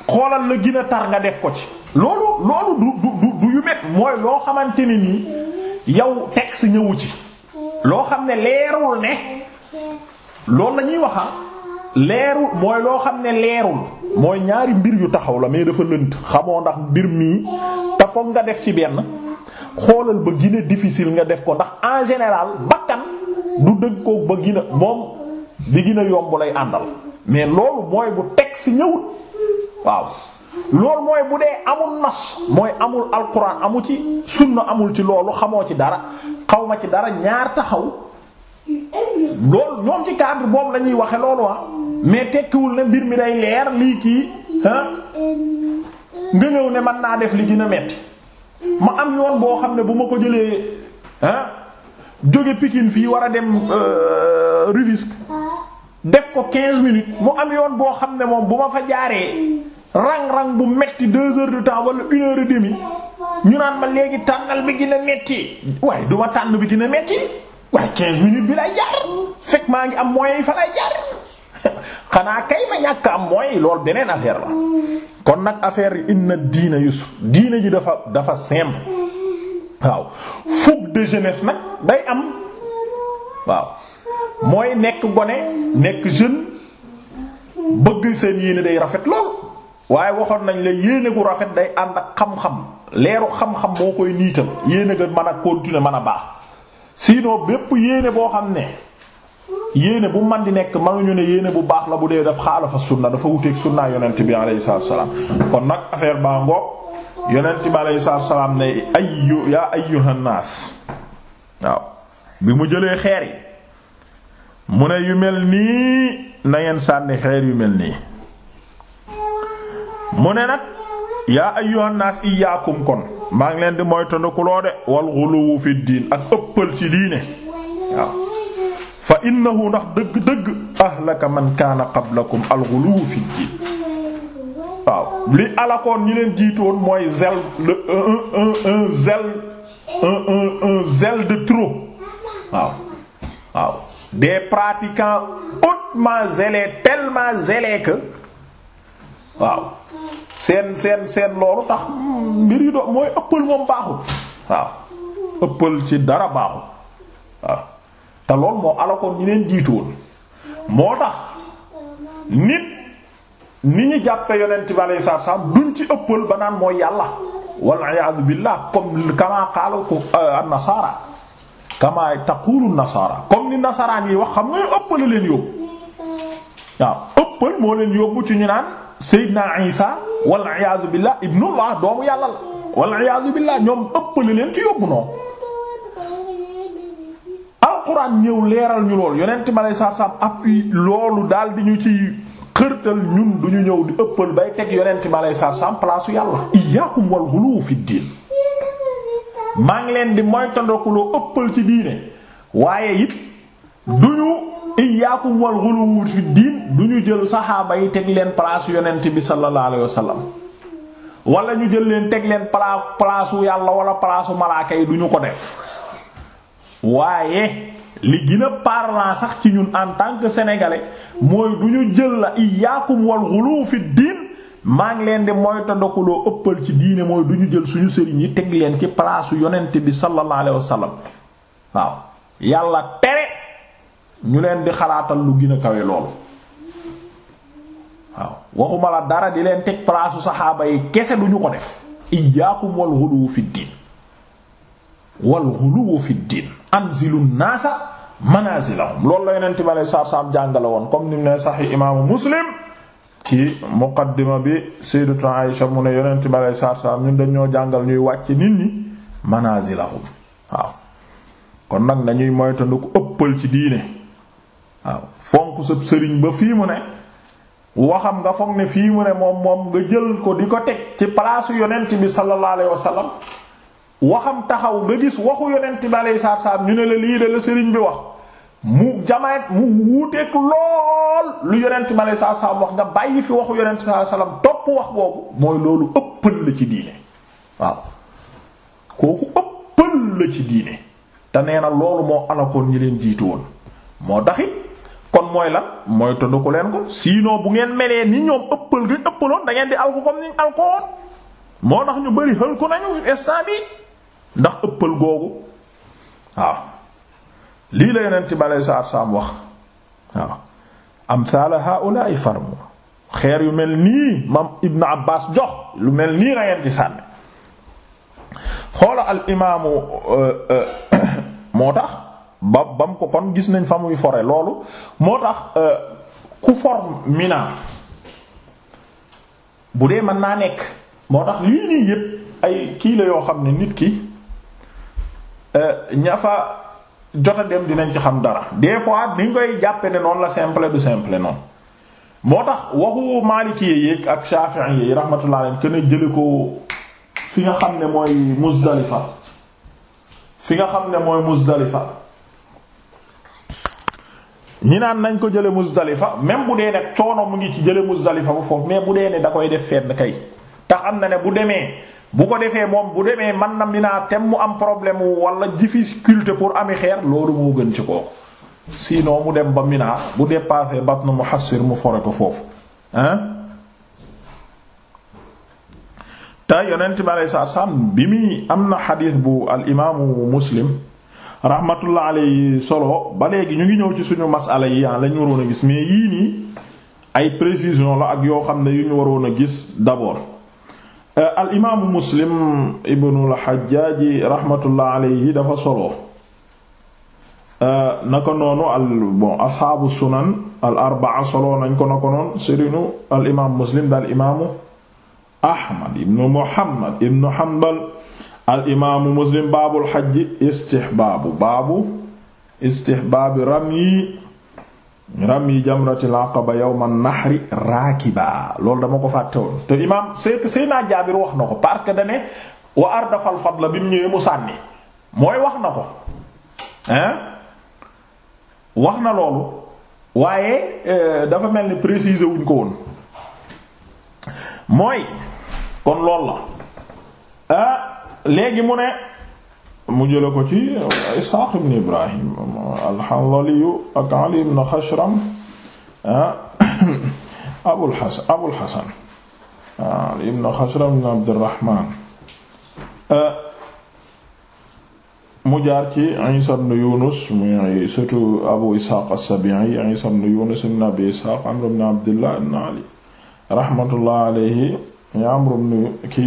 xoolal la gin a tar nga def ko ci loolu loolu du du du yu met mooy loo xamante ni nii yow texte ñëwu ci loo xam ne leerul ne loolu la ñuy waxa ah. leeru mooy loo xam ne leerul mooy ñaari mbir yu taxaw la mais dafa lënt xamoo ndax mbir mii te foog nga def ci benn xoolal ba gine difficile nga def ko ndax en général bakkan du dëgg ko ba gina moom di gina yomb lay àndal mais loolu mooy bu teg si ñëwut waaw loolu mooy bu dee amul nas mooy amul alquran amu ci sunna amul ci loolu xamoo ci dara xaw ma ci dara ñaar taxaw loolu ñoom ci cadre boobu la ñuy waxe loolu wa ah. mais tekkiwul ne mbir mi day leer lii kii ah ñëw ne man naa def li gën metti ma am yoon boo xam ne bu ma ko jëlee ah jóge Pikine fii war a dem euh, Rufisque def ko 15 minutes mu am yoon boo xam ne moom bu ma fa jaaree rang-rang bu metti deux heures de temps wala une heure et demie ñu naan ma léegi tànnal bi gën a metti waaye du tànn bi gën a metti waaye 15 minutes bi lay jaar fekk maa ngi am moyens yi fa lay jaar xanaa kay ma ñàkk am moyens yi loolu beneen affaire la kon nag affaire yi inna diina yusuf diina ji dafa dafa simple waaw fougue de jeunesse nag day am waaw mooy nekk gone nekk jeune bëgg seen yéene day rafet lool waaye waxoon nañ la yéene gu rafet day ànd ak xam-xam leeru xam-xam moo koy niital yéene ga mën a continuer mën a baax. sinon bépp yéene boo xam ne yéene bu man di nekk mënuñu ne yéene bu baax la bu dee daf xaalafa sunna dafa wuteeg sunna yonent bi alayhi salaam kon nag affaire baa ngoog yonent bi alayhi salaam ne ayyu yaa ayyuhan naas waaw bi mu jëlee xeer yi mu ne yu mel nii na ngeen sànni xeer yu mel nii mu ne nag yaa ayyuhan naas iyyaakum kon maa ngi leen di moytandikuloo de wal ghuluwu fi diin ak ëppal ci diine waaw fa innahu ndax dëgg-dëgg ahlaka man kaana qablakum al ghuluwu fi diin waaw li alakoon ñi leen jiitoon mooy zèle de un un un trop waaw waaw des pratiquants hautement zélés tellement zélés que waaw seen seen seen loolu tax mbir yi do mooy ëppal moom baaxul waaw ëppal ci dara baaxul waaw te loolu moo alakoon ñi leen jiituwoon moo tax nit ni ñu jàppe yonent bi alayhi salaatu salaam duñ ci ëppal ba naan mooy yàlla wal iyaadu billah comme kama qaala euh, an-nasaara kama taqulu an-nasaara comme ni nasaraan yi wax xam nga ëppal leen yóbbu waaw ëppal moo leen yóbbu ci ñu naan Seydina Isa wal iyaadu billah ibnullah doomu yàlla la wal iyaadu billah ñoom ëppale leen ci yóbbu noonu alxuraan ñëw leeral ñu lool yonent ma lay saa saam loolu daal di ñu ci xërtal ñun du ñu ñëw di ëppal bay teg yonent ma lay palaasu yàlla iyaakum wal xuluwu fi diin maa ngi leen di moytandokuloo ëppal ci diine waaye it duñu iyyaakum wal ghuluw fi diin du ñu jël saxaaba yi teg leen place yonent bi sallallahu alayhi sallam wala ñu jël leen teg leen pala yàlla wala place u malaaka yi ko def waaye li gën a parlant sax ci ñun en tant que sénégalais mooy du ñu jël la iyyaakum wal ghuluw fi diin maa ngi leen di moyta ndokaloo ëppal ci diine mooy du ñu jël suñu sëriñ yi teg leen ci place yonent bi sallallahu alayhi waaw yàlla tere ñu leen di xalaatal lu gën a kawe loolu waaw waxuma la dara di leen teg palaasu saxaaba yi kese du ñu ko def iyaakum wal ghuluw fi wal ghuluw fi diin anzilu naasa manazilahum loolu la yonent bi alayhi salaatu salaam jàngale woon comme ni mu ne saxi imaamu muslim ci muqaddima bi sayyidatu Aisha mu ne yonent bi alayhi salaatu salaam ñun dañoo jàngal ñuy wàcc nit ñi manazilahum waaw kon nag nañuy moytandu ko ëppal ci diine waaw fonk sa sëriñ ba fii mu ne waxam nga foog ne fii mu ne moom moom nga jël ko di ko teg ci palaasu yonent bi sallallahu alayhi wasallam waxam taxaw nga gis waxu yonent bi alayhi salaam ñu ne la lii de la sëriñ bi wax mu jamaat mu wuuteeg lool lu yonent bi alayhi salaam wax nga bàyyi fi waxu yonent bi alayhi salaam topp wax boobu mooy loolu ëppal la ci diine waaw kooku ëppal la ci diine te nee na loolu moo alakoon ñi leen jiitu woon moo taxit kon mooy lan mooy tëdd leen ko sinon bu ngeen melee ni ñoom ëppal nga ëppaloon da di alko comme niñ alkowoon moo tax ñu bari xël ko nañu instant bi ndax ëppal googu waaw lii la yonent bi alei salaatu salaam wax waaw amthala haula'i farmu xeer yu mel nii mam ibn abbas jox lu mel nii na ngeen ci sànni xoola al imaamu euh, euh, moo tax ba ba mu ko kon gis nañ fa muy fore loolu moo tax euh, ku for Mina bu dee mën naa nekk moo tax lii nii yépp ay kii la yoo xam ne nit ki euh, ña fa jot a dem dinañ ci xam dara des fois niñ koy jàppe ne noonu la simple du simple noonu moo tax waxu Maliki yeeg ak Shafi'i yi rahmatullah alayhi kenn jële ko fi nga xam ne mooy Muzdalifa fi nga xam ne mooy Muzdalifa ñi naan nañ ko jële Muzdalifa même bu dee ne coono mu ngi ci jële Muzdalifa ba foofu mais bu dee ne da koy def fenn kay tax am na ne bu demee bu ko defee moom bu demee man na minaa tem mu am problème wala difficulté pour ami xeer loolu moo gën ci kooku sinon mu dem ba minaa bu dépassé bat na mu xassir mu fore ko foofu hein te yonent bi aleyhi salaatu salaam bi muy am na xadiis bu al imaamu muslim rahmatullah alayhi solo ba léegi ñu ngi ñëw ci suñu masala yi ah la ñu waroon a gis mais yii nii ay précision la ak yoo xam ne yu ñu waroon a gis d'abord euh, al imaamu muslim ibnul xajjaaji rahmatullah alayhi dafa solo euh, naka noonu al bon asxaabu sunan al arbaa solo nañ ko na ko noonu sëriñu al imaam muslim daal imaamu ahmad ibnu muhammad ibnu hanbal al imaamu muslim baabul xajji istihbaabu baabu istihbaabi ramyi ramyi jamratil aqaba yawman nahri raakiba loolu dama ko fàtte woon te imaam sey Seydina wax na ko parce que dane wa ardafal fadla bi mu ñëwee mu sànni mooy wax na ko hein wax na loolu waaye euh, dafa mel ni préciser wuñ ko woon mooy kon loolu la léegi mu ne mu jële ko ci Isxaaq ibn Ibrahim al-Hanzali ak Ali ibn Xashram ah, Abul Hasan Abul Hasan ah, Ali ibn Xashram ibn Abdurrahman ah, mu jaar ci Isa ibn Yunus muy surtout Abu Isxaaq as-Sabi'i Isa ibn Yunus ibn Abi Isxaaq Amr ibn Abdillah ibn Ali rahmatullah alayhi Amr ibn ki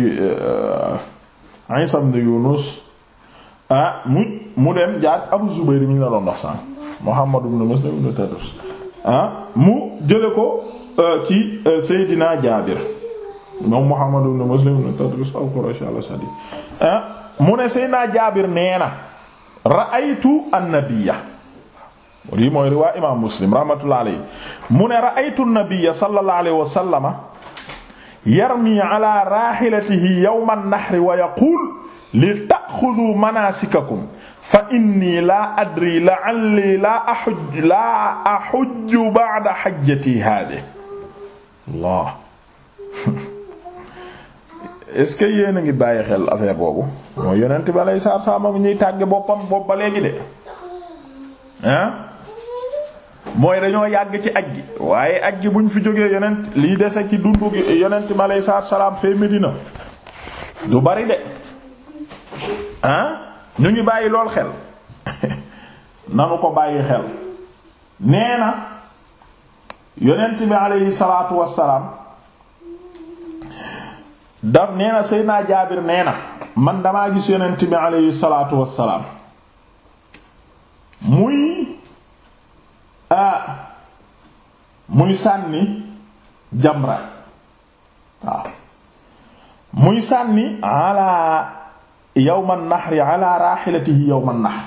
Isa ibn mu mu dem jaar Abu Zubayr mi ñu la doon wax sànq mu jële ko e, ci e, Seydina Jaabir moom Muhammad ibn Muslim ibn Tadrus al-Qurashi al-Asadi ah mu ne Seydina Jaabir nee na ra'aytu an-nabiyya lii mooy riwaa imaam Muslim rahmatullahi alayhi mu ne ra'aytu an-nabiyya sallallahu alayhi wa sallama yarmi ala rahilatihi yawma an-nahri wa yaqulu li ta'khudhu manasikakum fa inni la adri la'alli la ahujju la ahujju ba'da hajjati hadhihi Allah est-ce que yéen a ngi bàyyi xel affaire boobu moo yonent ba lay saar saama mu ñuy tàgge boppam bopp ba léegi de ah mooy dañoo yàgg ci aj gi waaye aj gi buñ fi jógee yonent liy dese ci dundu gi yonent mi aleyhi salaam fee Medina du bari de ah ñu ngi bàyyi lool xel nanu ko bàyyi xel nee na yonent bi aleyhi salaatu wassalaam daf nee na Seydina Jaabir nee na man damaa gis yonent bi aleyhi salaatu wassalaam muy Ah, muy sànni jamra waaw ah, muy sànni ala yawma nahri ala rahilatihi yawma nahr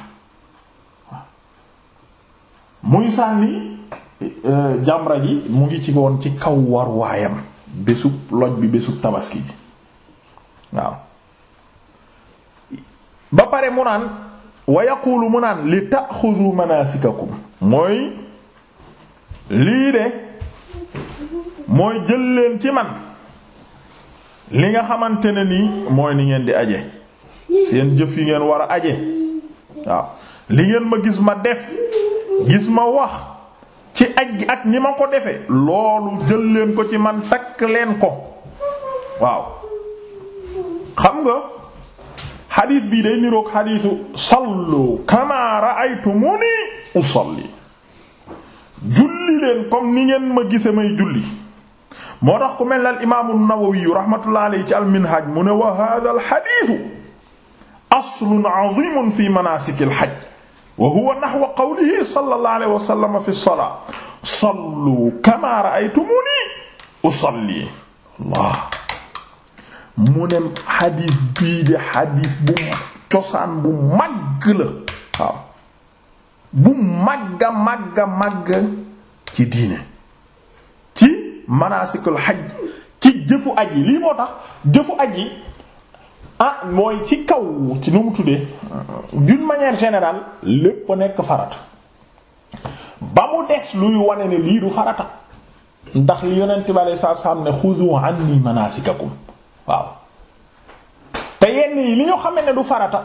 muy sànni eh, jamra ji mu ngi ci woon ci kaw war waayam bésub loj bi bésub tabaski ji waaw ba pare mu naan wa mu naan li ta'khudhu manasikakum mooy lii de mooy jël leen ci man li nga xamante ne nii mooy ni ngeen di aje seen jëf yi ngeen war a aje waaw li ngeen ma gis ma def gis ma wax ci aj gi ak ni ma ko defe loolu jël leen ko ci man takk leen ko waaw xam nga xadiis bii day niroog xadiisu sallu kama ra'aytumuni usalli julli leen comme ni ngeen ma gise may julli moo tax ku mel ne al imaamu nawawi rahmatullahi alayhi ci al minhaj mu ne wa hadha al hadith aslun azimun fi manasik al hajj wa huwa nahwa qawlihi sallallahu alayhi wa sallam fi as-salat sallu kama ra'aytumuni usalli allah mu ne hadith bii de hadith bu cosaan bu mag la waaw bu màgga màgga màgg ci diine ci manasikul xaj ci jëfu aj yi lii moo tax jëfu aj yi ah mooy ci kaw ci nu mu tuddee d'une manière générale lépp a nekk farata ba mu des luy wane ne lii du farata ndax li yonent bi alei satu salaam ne xudu anni manasikakum waaw te yenn yi li ñu xamee ne du farata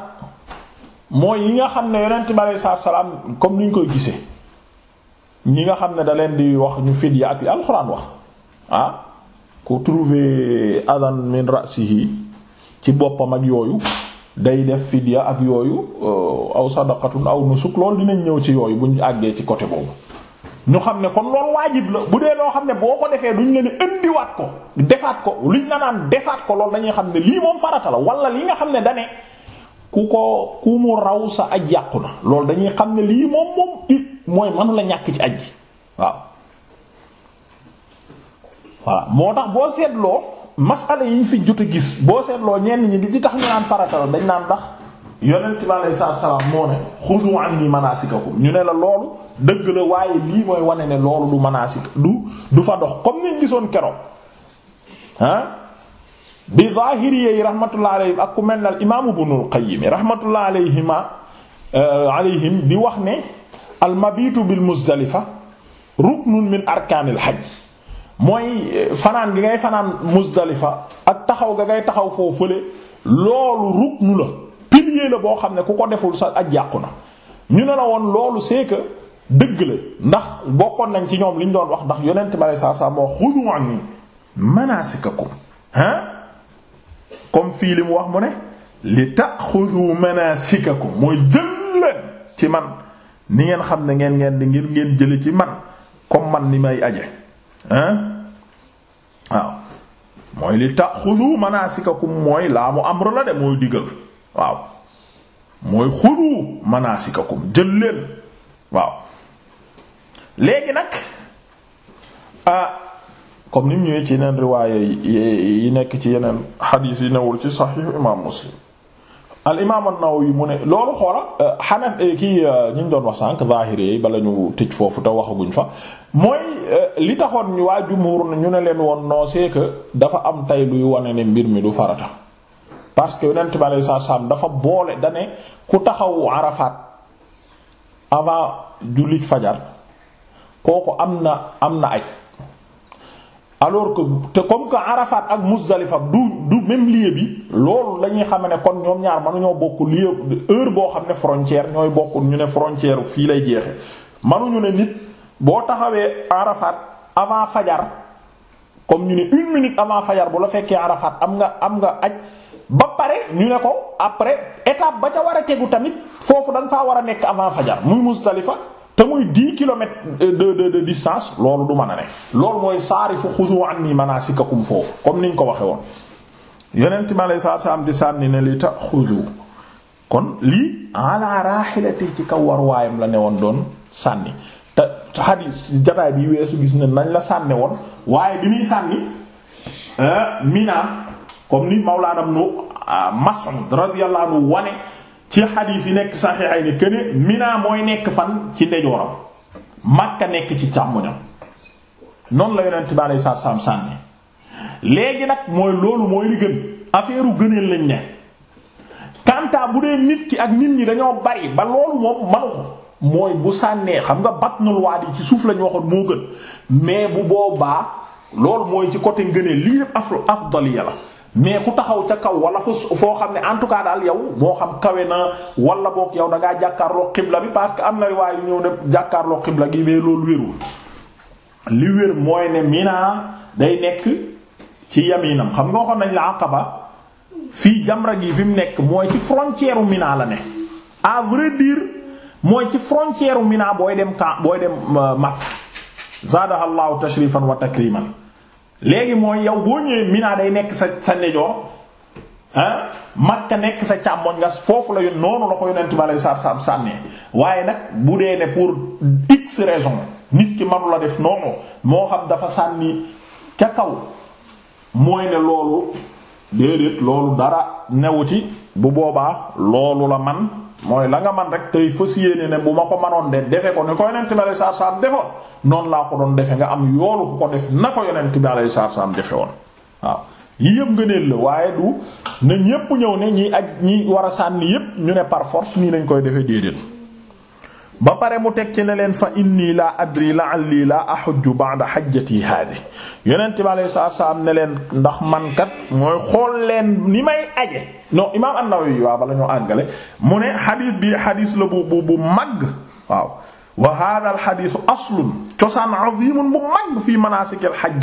mooy yi nga xam ne yonent bi aleyhi salaatu salaam comme ni ñu koy gisee ñi nga xam ne da leen di wax ñu fit ak li alxuraan wax ah ku trouver adan min rasihi ci boppam ak yooyu day def fidya ak yooyu euh, aw sadaqatun aw nusuk loolu dinañ ñëw ci yooyu bu ñu àggee ci côté boobu ñu xam ne kon loolu waajib la bu dee loo xam ne boo ko defee duñ la ne indiwaat ko defaat ko liñ la naan defaat ko loolu dañuy xam ne lii moom farata la wala li nga xam ne dane ku ko ku mu raw sa aj yàqu na loolu dañuy xam ne lii moom moom it mooy manu la ñàkk ci aj ji waaw voilà moo tax boo seetloo masala yi ñu fi jot a gis boo seetloo ñenn ñi di tax ñu naan farata dañ naan ndax yonent bi sa salaam moo ne xudu anni manasikakum ñu ne la loolu dëgg na waaye lii mooy wane ne loolu du manasik du du fa dox comme ni ñu gisoon keroog ah bi zaahiriya yi rahmatullah alayhim ak ku mel na al imaamu ibnul qayyim rahmatullah alayhima euh, alayhim di wax ne al mabitu bil muzdalifa ruknun min arkaanil hajj mooy euh, fanaan gi ngay fanaan muzdalifa ak taxaw ga ngay taxaw foofu fële loolu ruknu la pilier la boo xam ne ku ko deful sa ak yàqu na ñu ne la woon loolu c'est dëgg la ndax bokkoon nañ ci ñoom li doon wax ndax yonent ma lay saa saa moo xudu anni manaasikakum ha comme fii li mu wax mu ne li ta'khudhu manasikakum mooy jël leen ci man ni ngeen xam ne ngeen ngeen di ngir ngeen jële ci man comme man ni may aje hein waaw mooy li ta'khudhu manasikakum mooy laa mu amru la de mooy digal waaw mooy xudu manasikakum jël leen waaw léegi nag ah, comme ni mu ñëwee ci yeneen riwaaye yi nekk ci yeneen xadiis yi newul ci saxiixu imaam muslim al imaam an-Nawawi mu ne loolu xoola xanaf euh, euh, kii euh, ñu doon wax sànq zaahiri yi bala ñu tëj foofu te waxaguñ fa mooy li taxoon ñu waa na ñu ne leen woon non c'est dafa am tey luy wane ne mbir mi du farata parce que yonent bi alayhi salaam dafa boole dane ku taxawu Arafat avant jullit fajar kooku am na am na aj alors que te comme que Arafat ak Muzdalifa du du même lieu bi loolu la ñuy ne kon ñoom ñaar mënuñoo bokku lieu heure boo xam ne frontière ñooy bokkul ñu ne frontière fii lay jeexe mënuñu ne nit boo taxawee Arafat avant fajar comme ñu ne une minute avant fajar bu la fekkee Arafat am nga am nga aj ba pare ñu ne ko après étape ba ca war a tegu tamit foofu da nga faa war a nekk avant fajar muy Muzdalifa te muy 10 kilomètres euh, de de de distance loolu du mën a ne loolu mooy saarifu xudu anni manasikakum foofu comme niñ ko waxe woon yonent mi aley salaatu am di sànni ne li ta xudu kon lii ala raxilati ci kaw war waayam la ne woon doon sànni te xadiis jataay bi weesu gis ne nañ la sànne woon waaye bi muy sànni euh, minaam comme ni mawlaanam nu euh, Mas'ud radiyallahu anhu wane ci xadiis yi nekk saxiixay ni këne Mina mooy nekk fan ci ndejooram Makka nekk ci càmmoñam noonu la yonent bi aleyhi salaatu léegi nag mooy loolu mooy li gën affaire gëneel lañ ne kantaa bu dee nit ki ak nit ñi dañoo bari ba loolu moom manu mooy bu sànnee xam nga batnul waadi ci suuf lañu waxoon moo gën mais bu boobaa loolu mooy ci côté ngëneel lii lépp afdaliya la mais ku taxaw ca kaw wala fu foo xam ne en tout cas daal yow moo xam kawe na walla boog yow da jàkkaarloo xibla bi parce que am na riwaay yu ñëw ne jàkkaarloo xibla gi mais loolu wérul li wér mooy ne Mina day nekk ci yaminam xam nga waxoon nañ la ba fii jamra gi fi mu nekk mooy ci frontière Mina la ne à vrai mooy ci frontière Mina booy dem camp booy dem euh, Makka zaadahallahu tashrifan wa takriman léegi mooy yow boo ñëwee Mina day nekk sa sa nejoor ah ka nekk sa càmmooñ nga foofu la yoon noonu la ko yonent bi alei satu salaam sànnee waaye nag bu dee ne pour x raison nit ki manu la def noonu moo xam dafa sànni ca kaw mooy ne loolu déedéet loolu dara newuti bu boobaa loolu la man mooy la nga man rek tey fas yéene ne bu ma ko manoon de defe ko ni ko yonent bi alayhi salaam defoon noonu laa ko doon defe nga am yoolu ku ko def na ko yonent bi alayhi salaam defe woon waaw yi yëpp ngëneel la waaye du na ñépp ñëw ne ñi ak ñi war a sànni yépp ñu ne par force nii lañ koy defe déedéet ba pare mu teg ci ne leen fa inni laa adri la'alli laa ahujju ba'da hajjati haadi yeneen bi alayhi salaatu salaam ne leen ndax man kat mooy xool leen ni may aje non imaam an-Nawawi waaw bala ñoo àggale mu ne xadiis bi xadiis la bu bu bu màgg waaw wa haadha al-xadiis aslun cosaan aziimun bu màgg fii manaasik al-hajj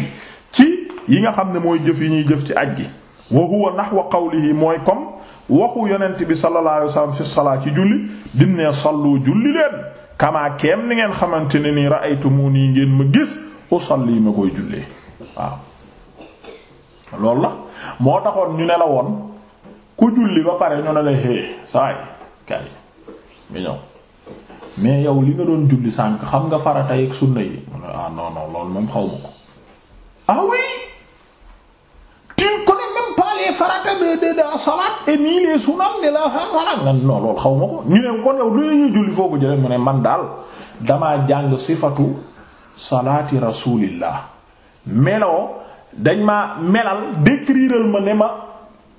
ci yi nga xam ne mooy jëf yi ñuy jëf ci aj gi wa huwa nahwa qawlihi mooy comme waxu yonent bi sallallahu alayhi salaa ci julli dim ne sallu julli leen kamaa ni ngeen xamante ne nii ra'aytumuni ngeen ma gis usalli ma koy jullee waaw loolu la moo taxoon ñu ne la woon ku julli ba pare ñu ne la hee saay kay mi ñëw mais yow li nga doon julli sànk xam nga farata ak sunna yi ah non non loolu moom xaw ma ko ah de xaw ma ko ñu ne kon man daal damaa jàng sifatu salaati rasulillah meloo dañ ma melal décriral ma ne ma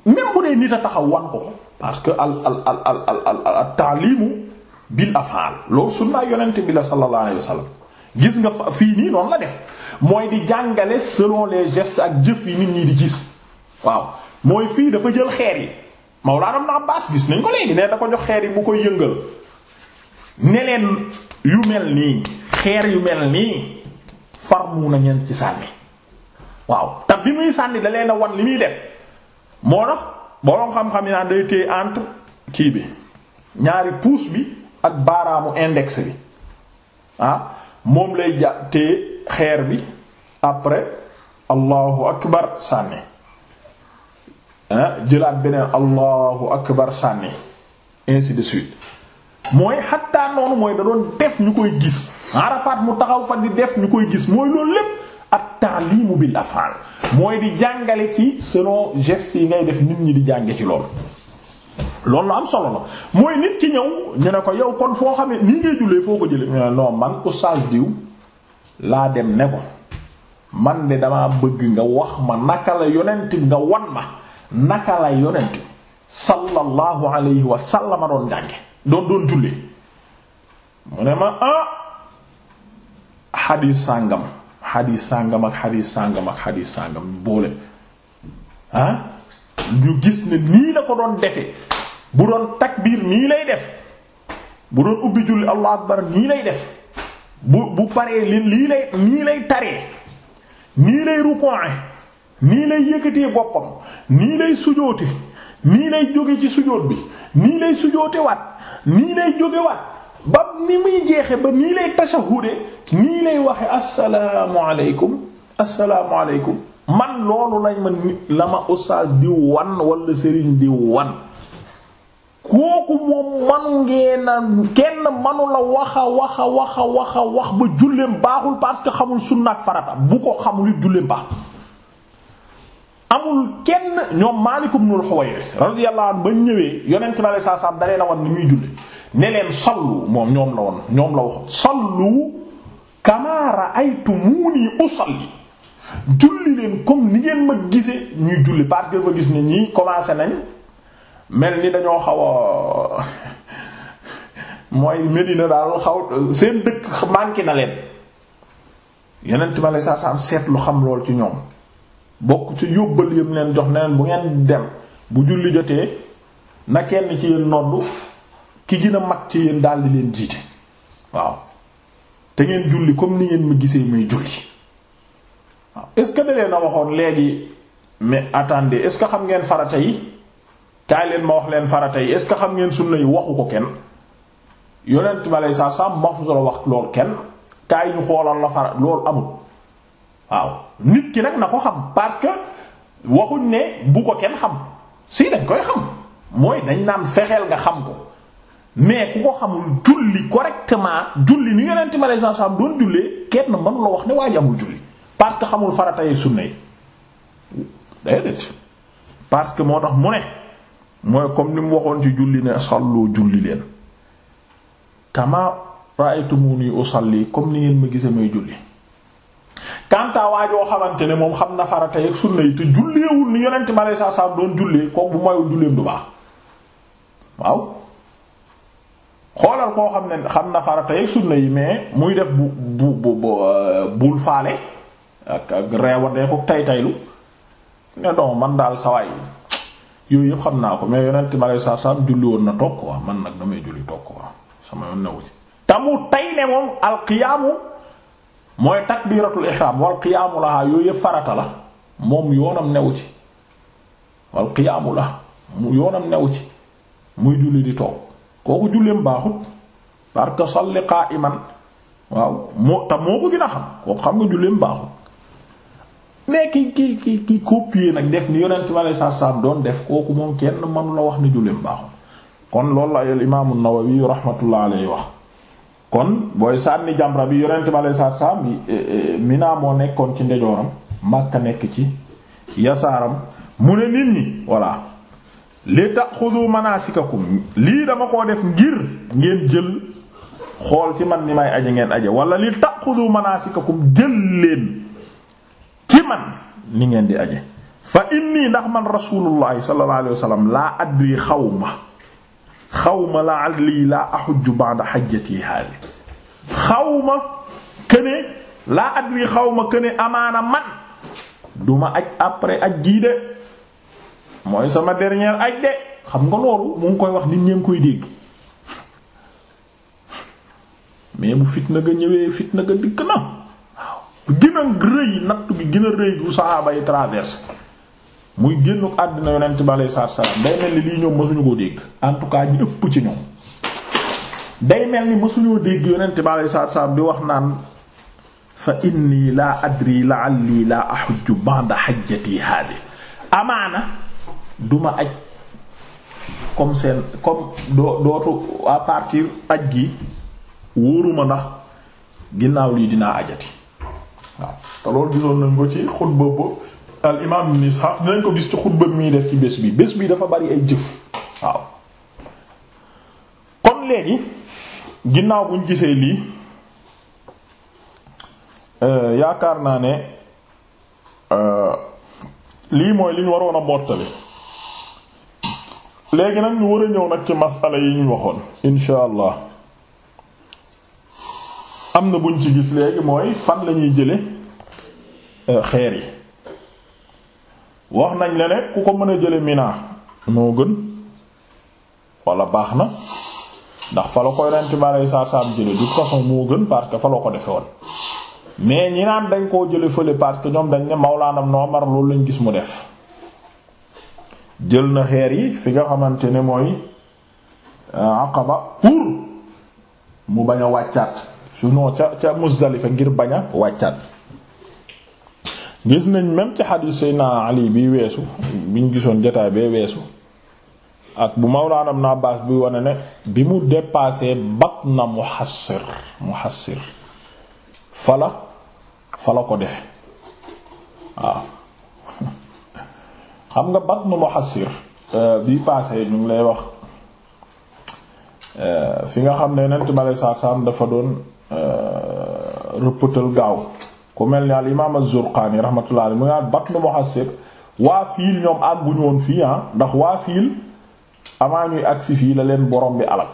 même bu dee nit a taxaw wan ko parce que al al al al al al taalimu bil afaal loolu sunnaa yonent bi la sallallahu ak jëf yi nit ñi di gis waaw mooy fii dafa jël xeer yi Mawlaana Ibn baas gis nañ ko léegi ne da ko jox xeer yi mu koy yëngal ne yu mel nii xeer yu mel nii far mu na ñeent ci sànni waaw te bi muy sànni da leen a wan li muy def moo tax boroom xam-xam yi naan day téye entre kii bi ñaari pouce bi ak baaraamu index bi ah moom lay ja xeer bi après allahu akbar sànni jëlaat beneen allahu akbar sànni ainsi de suite mooy xattaa noonu mooy da doon def ñu koy gis Arafat mu taxaw fa di def ñu koy gis mooy loolu lépp ak ta'limu bil af'al mooy di jàngale ci selon gestes yi ngay def nit ñi di jànge ci loolu loolu la am solo la mooy nit ki ñëw ñu ne ko yow kon foo xam ne nii ngay jullee foo ko jëlee ñu ne non man oustaz diw laa dem ne ko man de damaa bëgg nga wax ma naka la yonent nga wan ma naka la yonent sallallahu alayhi wa sallama doon jànge doon doon julli mu ne ma ah xadiis sàngam xadiis sàngam ak xadiis sàngam boole ah ñu gis ne nii la ko doon defe bu doon takbiir nii lay def bu doon ubbi julli allahu akbar nii lay def bu bu paree li lii lay nii lay taree nii lay rukoone nii lay yëkkatee boppam nii lay sujoote nii lay jóge ci sujoot bi nii lay sujoote waat nii lay jóge waat ba ni muy jeexe ba nii lay tashahude nii lay waxe assalaamu aleykum assalaamu aleykum man loolu lañ ma nit la ma ustaas di wan wala sëriñ di wan kooku moom manu ngeen kenn manu la waxa waxa waxa waxa wax ba julleem baaxul parce que xamul sunna ak farata bu ko xamul it julleem baax amul kenn ñoom Maalik ibnul Huwayris yàlla anhu ba ñëwee yonent na la saa saa dalee na wan ni muy julli ne leen sallu moom ñoom la woon ñoom la waxoon sallu kamaa ra'aytumuunii usalli julli leen comme ni ngeen ma gise ñuy julli parce que dafa gis ne ñii commencé nañ mel ni dañoo xaw a mooy Medina daal xaw seen dëkk manqué na leen yonent ma la saa saa seetlu xam lool ci ñoom. bokk ci yóbbal yam leen jox ne bu ngeen dem bu julli jotee na kenn ci yéen noddu ki gën a ci yéen daldi leen jiite waaw te ngeen julli comme ni ngeen ma gisee muy julli waaw est-ce que da leen a waxoon léegi mais attendez est-ce que xam ngeen farata yi kaay leen ma wax leen farata yi est-ce que xam ngeen sunna yi waxu ko kenn yonent bi ma salaatu salaam ma wax lool kenn kaay ñu xoolal la fara loolu amul. waaw nit ki nag na ko xam parce que waxuñ ne bu ko kenn xam si dañ koy xam mooy dañ naan fexeel nga xam ko mais ku ko xamul julli correctement julli ni yonent mi alayhi salaam doon jullee kenn mënu la wax ne waa ji julli parce que xamul farata yi sunna yi que moo tax mu ne comme ni mu waxoon ci julli ne sallu julli leen kama ra'aytumuni usalli comme ni ngeen ma gisee may julli kanta waajoo xamante ne moom xam na farata yi yi te julleewul ni yonent ma lay saa saa doon jullee kook bu moyul julleem du baax waaw xoolal koo xam ne xam na farata yi yi mais muy def bu bu bu euh, bul faale ak ak reewandee ko tay taylu ne donc man daal sawaay yooyu yëpp xam naa ko mais yonent ma lay saa julli woon na toog quoi man nag damay julli toog quoi sama yoon newu ci te tay ne moom alqiyaamu mooy takbiratul ihram wal qiyaamu laha yooyu yëpp farata la moom yoonam newu ci wal qiyaamu la mu yoonam newu ci muy julli di toog kooku julleem baaxut parce que salli qa'iman waaw moo tam moo ko gën xam kooku xam nga julleem baaxut mais ki ki ki ki copier nag def ni yonent ma lay sarsam doon def kooku moom kenn mënu la wax ni julleem baaxut kon lool la al imaamu Nawawi rahmatullah alayhi wax kon booy sànni jamra bi yonent bi alei saatu salaam bi eh, eh, Mina moo nekkoon ci ndejooram Makka nekk ci yasaaram mu ne nit ñi voilà li taxudu manasikakum lii dama koo def ngir ngeen jël xool ci man ni may aje ngeen aje wala li taxudu manasikakum jël leen ci man ni ngeen di aje fa inni ndax man rasulullahi sallallahu alayhi wasallam laa adri xawma xawma la lii laa axujju ba'da xajjati haadi xawma këne laa adri xawma këne amaana man duma aj après aj gii de mooy sama dernier aj de xam nga loolu mu koy wax nit ñee koy dégg mais bu fitna ga ñëwee fitna ga dikk na waaw gën rëy natt gi gën rëy gu saxaaba yi muy génnu àddina yonent bi aleyhi salaatu salaam day mel ni lii ñoom mësuñu koo dégg en tout cas ñu ëpp ci ñoom day mel ni mësuñoo dégg yonent bi aleyhi salaatu salaam bi wax naan fa inni laa adri la'alli laa ahujju ba'da hajjati haadi amaana duma aj comme seen comme doo dootu à aj gi wóoruma ndax ginnaaw lii dinaa ajati waaw te loolu gisoon nañ ko ci xutba boobu al imaam ibn Ishaq ko gis ci xutba mi def ci bés bi bés bi dafa bari ay jëf waaw kon léegi ginnaaw buñ gisee lii euh, yaakaar naa ne euh, lii mooy liñ waroon a mottali léegi nag ñu war a ñëw nag ci masala yi ñu waxoon insha allah am na buñ ci gis léegi mooy fan lañuy jële euh, xeer yi wax nañ la ne ku ko mën a jële Mina moo gën wala baax na ndax fa la koy rent bi alei saatu salaam jële du façon moo gën parce que fa la ko defe woon mais ñi naan dañ koo jële fële parce que ñoom dañ ne mawlaanam noomar loolu lañ gis mu def jël na xeer yi fi nga xamante ne mooy euh, Aqaba pour mu bañ a wàccaat sinon ca ca Muzdalifa ngir bañ a wàccaat gis nañ même ci xadiis Seydina Ali bi weesu biñ gisoon jotaay bee weesu ak bu Mawlaana Ibn Abbaas bi wane ne bi mu dépassé batna Muhassir Muhassir fala fala ko defe waaw xam nga batnu Muhassir euh, bi passé ñu ngi lay wax euh, fi nga xam ne Yonent bi sallallahu alayhi wasallam dafa doon euh, rëppëtal gaaw ku mel ni al imaam az-Zurqaani rahmatullah alayhi mu naan batnu waa fiil ñoom àgguñu fii ah ndax waa fiil amaa ñuy agsi fii la leen borom bi alal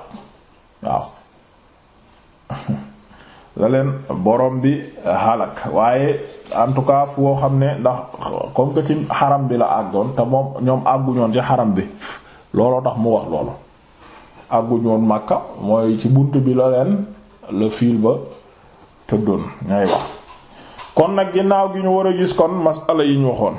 bi waaye en tout cas foo xam ne ndax comme que ci xaram bi la àggoon te moom ñoom àgguñoon ci xaram bi looloo tax mu wax loolu àgguñoon Makka mooy ci bunt bi la leen la fiil ba tëddoon ñay wax kon nag ginnaaw gi ñu war a gis kon masala yi ñu waxoon